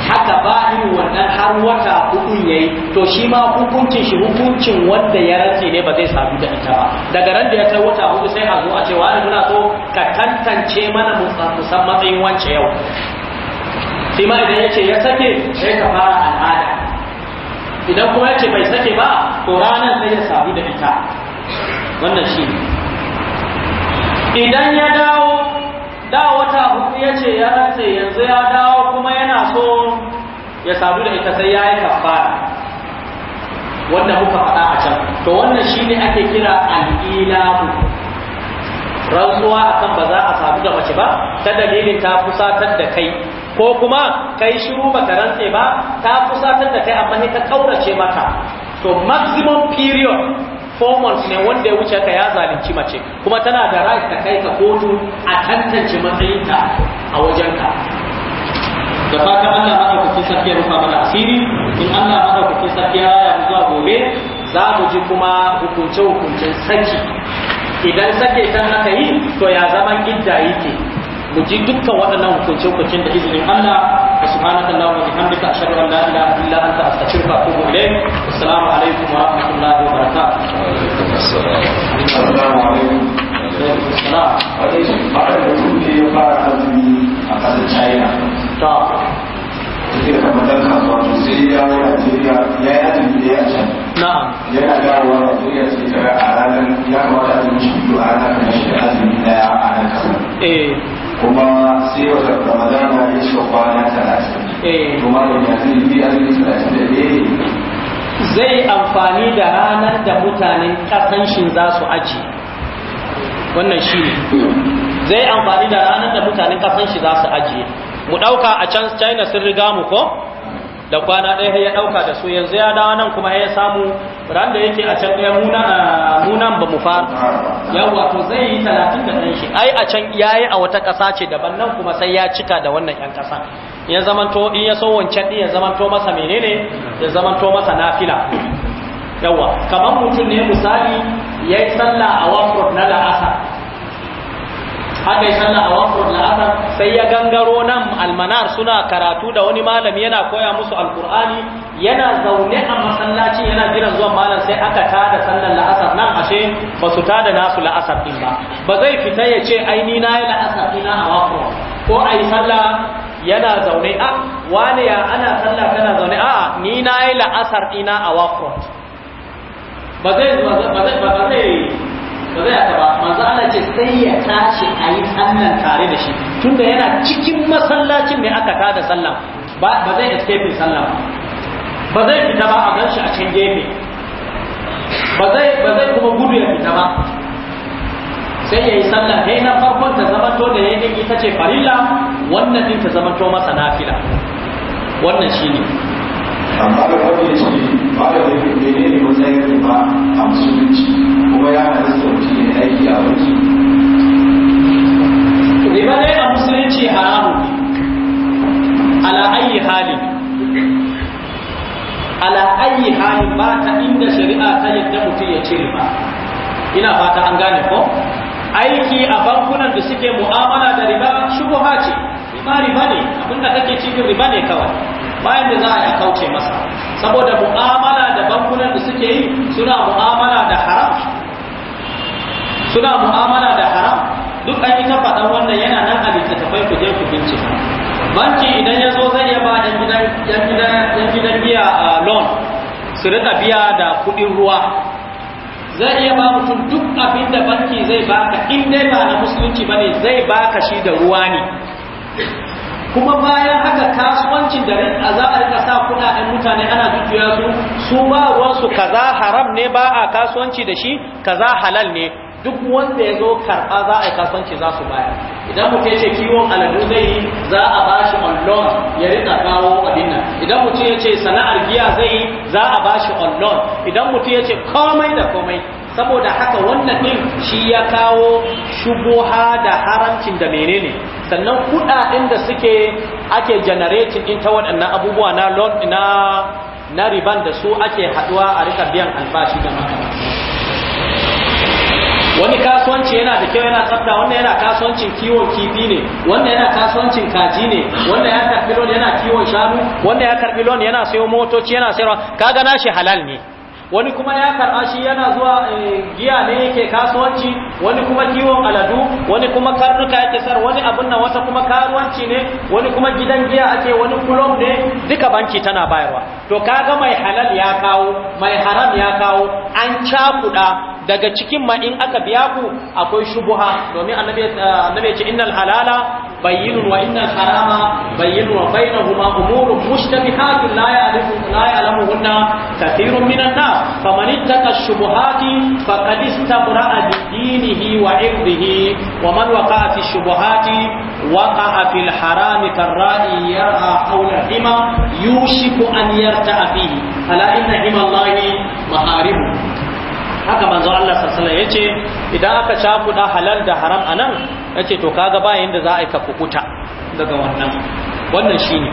haka ba irin wannan har wata hudun yi to shi ma hukuncin shi hukuncin wanda ya rantse ne ba zai sadu da ita ba daga ran da ya kai wata hudu sai a zo a ce wani muna so ka tantance mana musamman matsayin wance yau sai ma idan ya ce ya sake sai ka fara al'ada idan kuma ya ce bai sake ba to ranar sai ya sadu da ita wannan shi idan ya dawo da wata hudu ya ce ya rantse yanzu ya dawo kuma yana so ya sadu da ita sai ya yi kafara wanda muka faɗa a can to wannan shi ne ake kira al'ilamu rantsuwa akan ba za a sadu da mace ba ta dalilin ta fusatar da kai ko kuma kai shiru baka rantse ba ta fusatar da kai amma ne ta kaurace maka to maximum period performance ne wanda ya wuce ka ya zalunci mace kuma tana da right ta kai ka kotu a tantance matsayinta a wajenka da fata Allah madaukakin kisa ya rufa mana asiri in Allah kisa sarki ya mu zuwa gobe za mu ji kuma hukunce hukuncen saki idan sake ta haka yi to ya zaman idda yake mu ji dukkan waɗannan hukunce-hukuncen da izinin Allah a subhanaka Allahumma wa bihamdika ashhadu an la ilaha illa anta astaghfiruka wa atubu ilayk assalamu alaikum wa rahmatullahi wa barakatuh assalamu alaikum a kasar China ta take da kamar kasuwa to sai ya yi ya ya yi azumi da ya can na'am yana dawowa Najeriya sai kaga a ranar ya kamata azumi shi a ranar shi a ranar eh kuma sai wata ramadana ya shi kwana talatin eh. kuma da yanzu yi a cikin talatin da ɗaya zai amfani da ranar da mutanen ƙasan shi za su aji wannan shi ne zai amfani da ranar da mutanen ƙasan shi za su aji mu ɗauka a can china sun riga mu ko da kwana ɗaya ya ɗauka da su yanzu ya dawo nan kuma ya samu ran da yake a can ɗaya munan ba mu fara yau wato zai yi talatin da ɗan ai a can ya yi a wata ƙasa ce daban nan kuma sai ya cika da wannan ƴan ƙasa ya to in ya so wancan ɗin ya zamanto masa menene ya zamanto masa nafila yawa kamar mutum ne misali ya yi sallah a wafrod na la'asa aka yi sallah a la'asar sai ya gangaro nan almanar suna karatu da wani malami yana koya musu alkur'ani yana zaune a masallacin yana jiran zuwan malam sai aka tada sallar la'asar nan ashe ba su da nasu la'asar din ba ba zai fita ya ce aini na yi la'asar dina a wakon ko a yi sallah yana zaune a wani ya ana sallah kana zaune a ni na yi la'asar dina a wakon ba zai ba zai ta ba manzo Allah ce sai ya tashi a yi sallan tare da shi tunda yana cikin masallacin mai aka tada sallan ba zai escape sallan ba zai fita ba a gan shi a can gefe ba zai ba zai kuma gudu ya fita ba sai ya yi sallah dai na farkon ta zamanto da ya yi ita ce farilla wannan din ta zamanto masa nafila wannan shine amma da wannan shi ba da ne ne matsayin ba a musulunci kuma ya halatta mutum ya aiki a waje riba dai a musulunci haramu ala ayi hali ala ayi hali ba ta inda shari'a ta yadda mutum ya ce riba ina fata an gane ko aiki a bankunan da suke mu'amala da riba shubuha ce riba riba ne abinda kake cikin riba ne kawai bayan da za a kauce masa saboda mu'amala bankunan da suke yi suna mu'amala da haram suna mu'amala da haram duk an yi ta wannan yana nan a littattafai ku je ku bincika banki idan ya zo zai yaba ba yan gidan biya a loan su rika biya da kuɗin ruwa zai iya ba mutum duk abin da banki zai baka in dai ba na musulunci bane zai baka shi da ruwa ne kuma bayan haka kasuwancin da za a rika sa kuɗaɗen mutane ana dukiya su su ba ruwansu kaza haram ne ba a kasuwanci da shi kaza halal ne duk wanda ya zo karɓa za a yi kasuwanci za su bayar idan mu ce kiwon aladu zai yi za a ba shi on loan ya rika kawo abin nan idan mutum ya ce sana'ar giya zai yi za a ba shi on loan idan mutum ya ce komai da komai saboda haka wannan din shi ya kawo shubuha da haramcin da menene sannan kudaden da suke ake generating din ta waɗannan abubuwa na loan na na riban da su ake haduwa a rika biyan albashi da wani kasuwanci yana da kyau yana tsafta wannan yana kasuwancin kiwon kifi ne wannan yana kasuwancin kaji ne wannan ya karbi loan yana kiwon shanu wannan ya karbi loan yana sayo motoci yana sayarwa kaga nashi halal ne wani kuma ya karɓa shi yana zuwa eh, giya ne yake kasuwanci wani kuma kiwon aladu wani kuma karnuka yake sar wani abin nan wata kuma karuwanci ne wani kuma gidan giya ake wani kulob ne duka banki tana bayarwa to kaga mai halal ya kawo mai haram ya kawo an cakuɗa daga cikin ma in aka biya ku akwai shubuha domin annabi ya ce innal halala bayyinun wa innal harama bayyinun wa bainahuma umurun mushtabihatun la ya'lamu la ya'lamuhunna kathirun minan nas faman ittaqa shubuhati faqad istabra'a bi dinihi wa irdihi wa man waqa'a fi shubuhati waqa'a fil harami karra'i yar'a hawla hima yushiku an yarta'a fihi ala inna himallahi maharimu haka manzo Allah sallallahu alaihi yace idan aka cakuda halal da haram anan yace to kaga ba yanda za a yi ka kukuta daga wannan wannan shine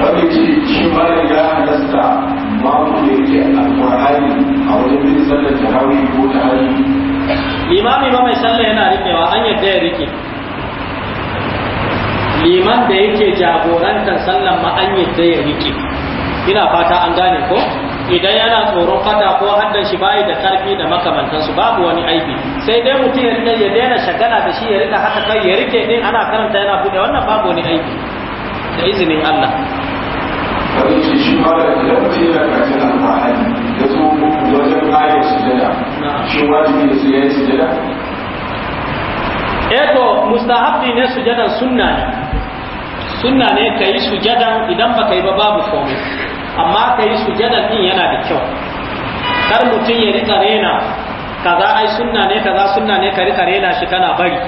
wanda ce shi ba da ya halasta ma ku da yake alqur'ani a wajen bin sallar tarawih ko tahajjud limami ba mai sallah yana rikewa an yadda ya rike liman da yake jagorantar sallar ma an yadda ya rike ina fata an gane ko idan yana tsoron fata ko haddan shi bayi da karfi da makamantansu babu wani aibi sai dai mutum ya rika ya daina shagala da shi ya rika haka kai ya rike din ana karanta yana bude wannan babu wani aibi da izinin Allah wani shi shi ma da idan mutum yana karatun alfahari da zo wajen ayar sujada shi wajibi da su yayin sujada eto eh mustahabbi ne sujadan sunna ne sunna ne kai sujadan idan baka yi ba babu komai amma ka yi sujada din yana da kyau kar mutum ya rika rena kaza ai sunna ne kaza sunna ne ka rika rena shi kana bari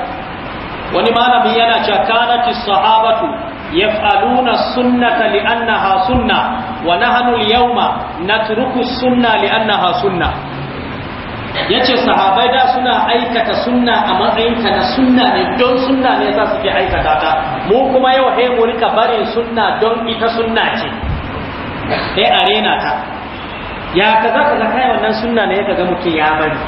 wani malamin yana cewa kanati sahabatu yaf'aluna sunnata li'annaha sunna wa nahnu al-yawma natruku sunna li'annaha sunna yace sahabai da suna aikata sunna a matsayin na sunna ne don sunna ne za su fi aikata ta mu kuma yau he mu rika barin sunna don ita sunna ce ya arena ta ya kaza kaza kai wannan sunna ne ga muke ya bari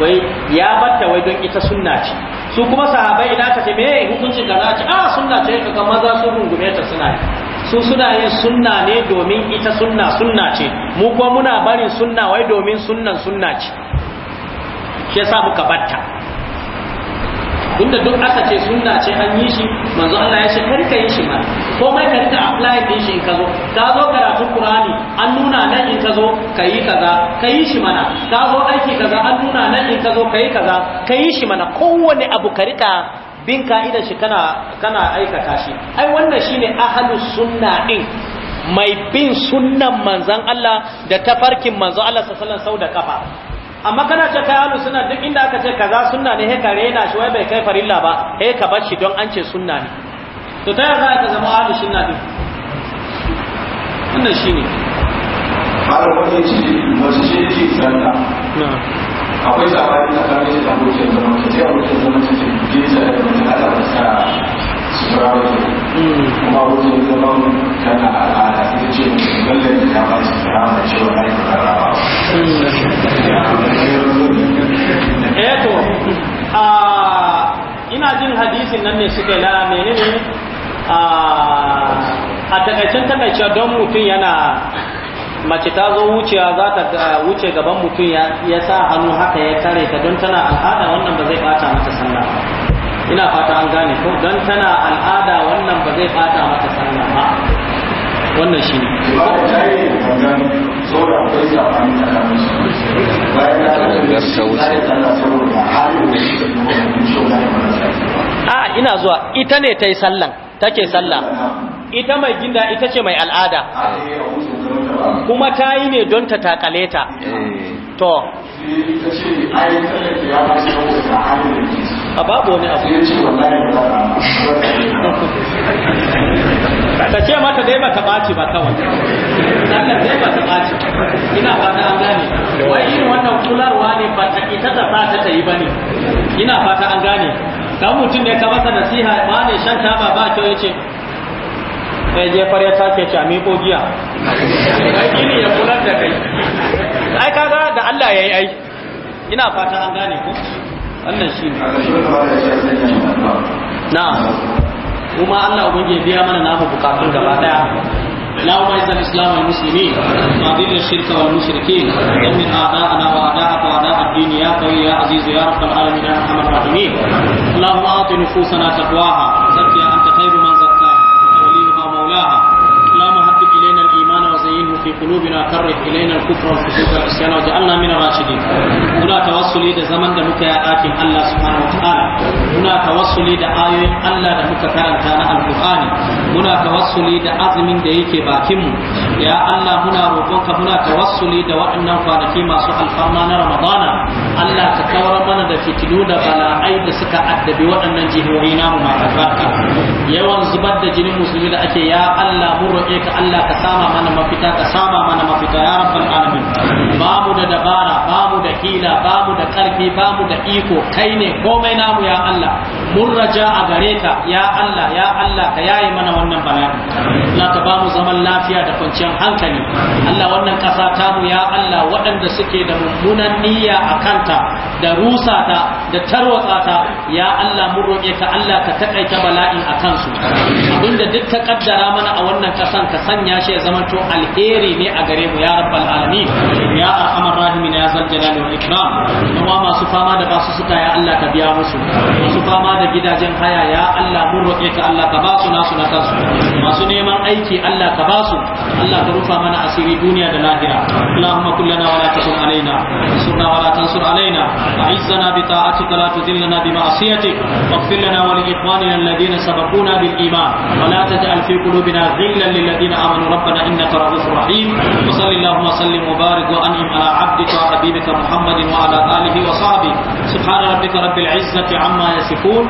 wai ya batta wai don ita sunna ce su kuma sahabai ina ka ce me hukuncin za ce a ah, sunna ce ka ga maza su rungume ta suna ne su suna yin sunna ne domin ita suna sunna ce mu kuma muna barin sunna wai domin sunnan sunna ce shi sa muka batta tunda duk aka ce sunna ce an yi shi manzo Allah ya ce kar ka yi shi ma komai ka rika apply din shi ka zo ka zo karatun Qur'ani an nuna nan in ka zo ka yi kaza ka yi shi mana ka zo aiki kaza an nuna nan in ka zo ka yi kaza ka yi shi mana kowane abu ka rika bin ka'idar shi kana kana aikata shi ai wannan shine ahlus sunna din mai bin sunnan manzon Allah da tafarkin manzon Allah sallallahu alaihi wasallam sau da kafa amma kana ce kai ahlus sunna duk inda aka ce kaza sunna ne he ka rena shi wai bai kai farilla ba he ka bar shi don an ce sunna ne to ta yaya za ka zama ahlus sunna din wannan shine har wani ce wasu ke ce sunna akwai sabani na kan shi da mutum da ke ce abokin zama ce ce gisa da mutum ala sa sufurawa hmm. kuma abokin zama tana al'ada sai ce lallai ta ba su sufurawa cewa to a ina jin hadisin nan ne suka la menene a a takaicen takaicen don mutum yana mace ta zo wucewa za ta wuce gaban mutum ya sa hannu haka ya kare ta don tana al'ada wannan ba zai bata mata sallah ina fata an gane ko don tana al'ada wannan ba zai bata mata sallah ba wannan shi ne a ina zuwa ita ne ta yi sallan take salla ita mai ginda ita ce mai al'ada kuma ta yi ne don ta takale ta to a babu wani abu ta ce mata dai ba ta ɓaci ba kawai sannan dai ba ta ɓaci ina fata an gane wai yin wannan kularwa ne ba ta ita ta sa ta yi ba ne ina fata an gane ka mutum ne ka masa nasiha ba ne shan taba ba kyau ya ce sai jefar ya sake ci a miƙo giya ai ne ya kula da kai ai kaga da Allah ya yi ai ina fata an gane ko wannan shi ne na kuma Allah ubangiji ya biya mana na mu bukatun gaba daya na wa izal islam al muslimi wa bi al shirk wal mushrikin inni hada ana wa ada wa ada ad ya qawi ya aziz ya rabb al alamin ya rahman rahim allahumma atina fusana taqwaha zakiya في قلوبنا كره إلينا الكفر والفسوق والعصيان وجعلنا من الراشدين هنا توصلي ده زمن ده مكا آتي الله سبحانه وتعالى هنا توصلي ده آية الله ده مكا كرنتانا القرآن هنا توصلي ده عظم ده يكي باكم يا الله هنا روحك هنا توصلي ده وإن فانكي ما سوء الفرمان رمضان الله تكور من ده في تلود بلا أيد سكا أدب وأن جهورينا وما تفاكا يوان زبد جن المسلمين أكي يا الله مرئيك الله تسامى من مفتاك sama mana mafita ya rabbal alamin babu da dabara babu da hila babu da karfi babu da iko kai ne komai namu ya Allah mun raja a gare ka ya Allah ya Allah ka yaye mana wannan bala'i Allah ka bamu zaman lafiya da kwanciyar hankali Allah wannan kasa ta mu ya Allah waɗanda suke da mummunan niyya a kanta da rusa ta da tarwatsata ta ya Allah mun roƙe ka Allah ka takaita bala'in a kansu abinda duk ka kaddara mana a wannan kasan ka sanya shi ya zamanto alheri ne a gare mu ya rabbal alamin ya arhamar rahimin ya zal jalali ikram kuma masu fama da basu suka ya Allah ka biya musu masu fama da da gidajen haya ya Allah mun roƙe ka Allah ka ba su nasu na kansu masu neman aiki Allah ka ba su Allah ka rufa mana asiri duniya da lahira Allahumma kullana wala tasur alaina sunna wala la tansur alaina a'izzana bi ta'atika la tudillana bi ma'siyatik واغفر لنا ولإخواننا الذين سبقونا بالإيمان ولا تجعل في قلوبنا غلا للذين آمنوا ربنا إنك رؤوف رحيم wa اللهم ala 'abdika wa habibika Muhammadin wa ala alihi wa sahbihi subhana rabbika rabbil 'izzati 'amma يصفون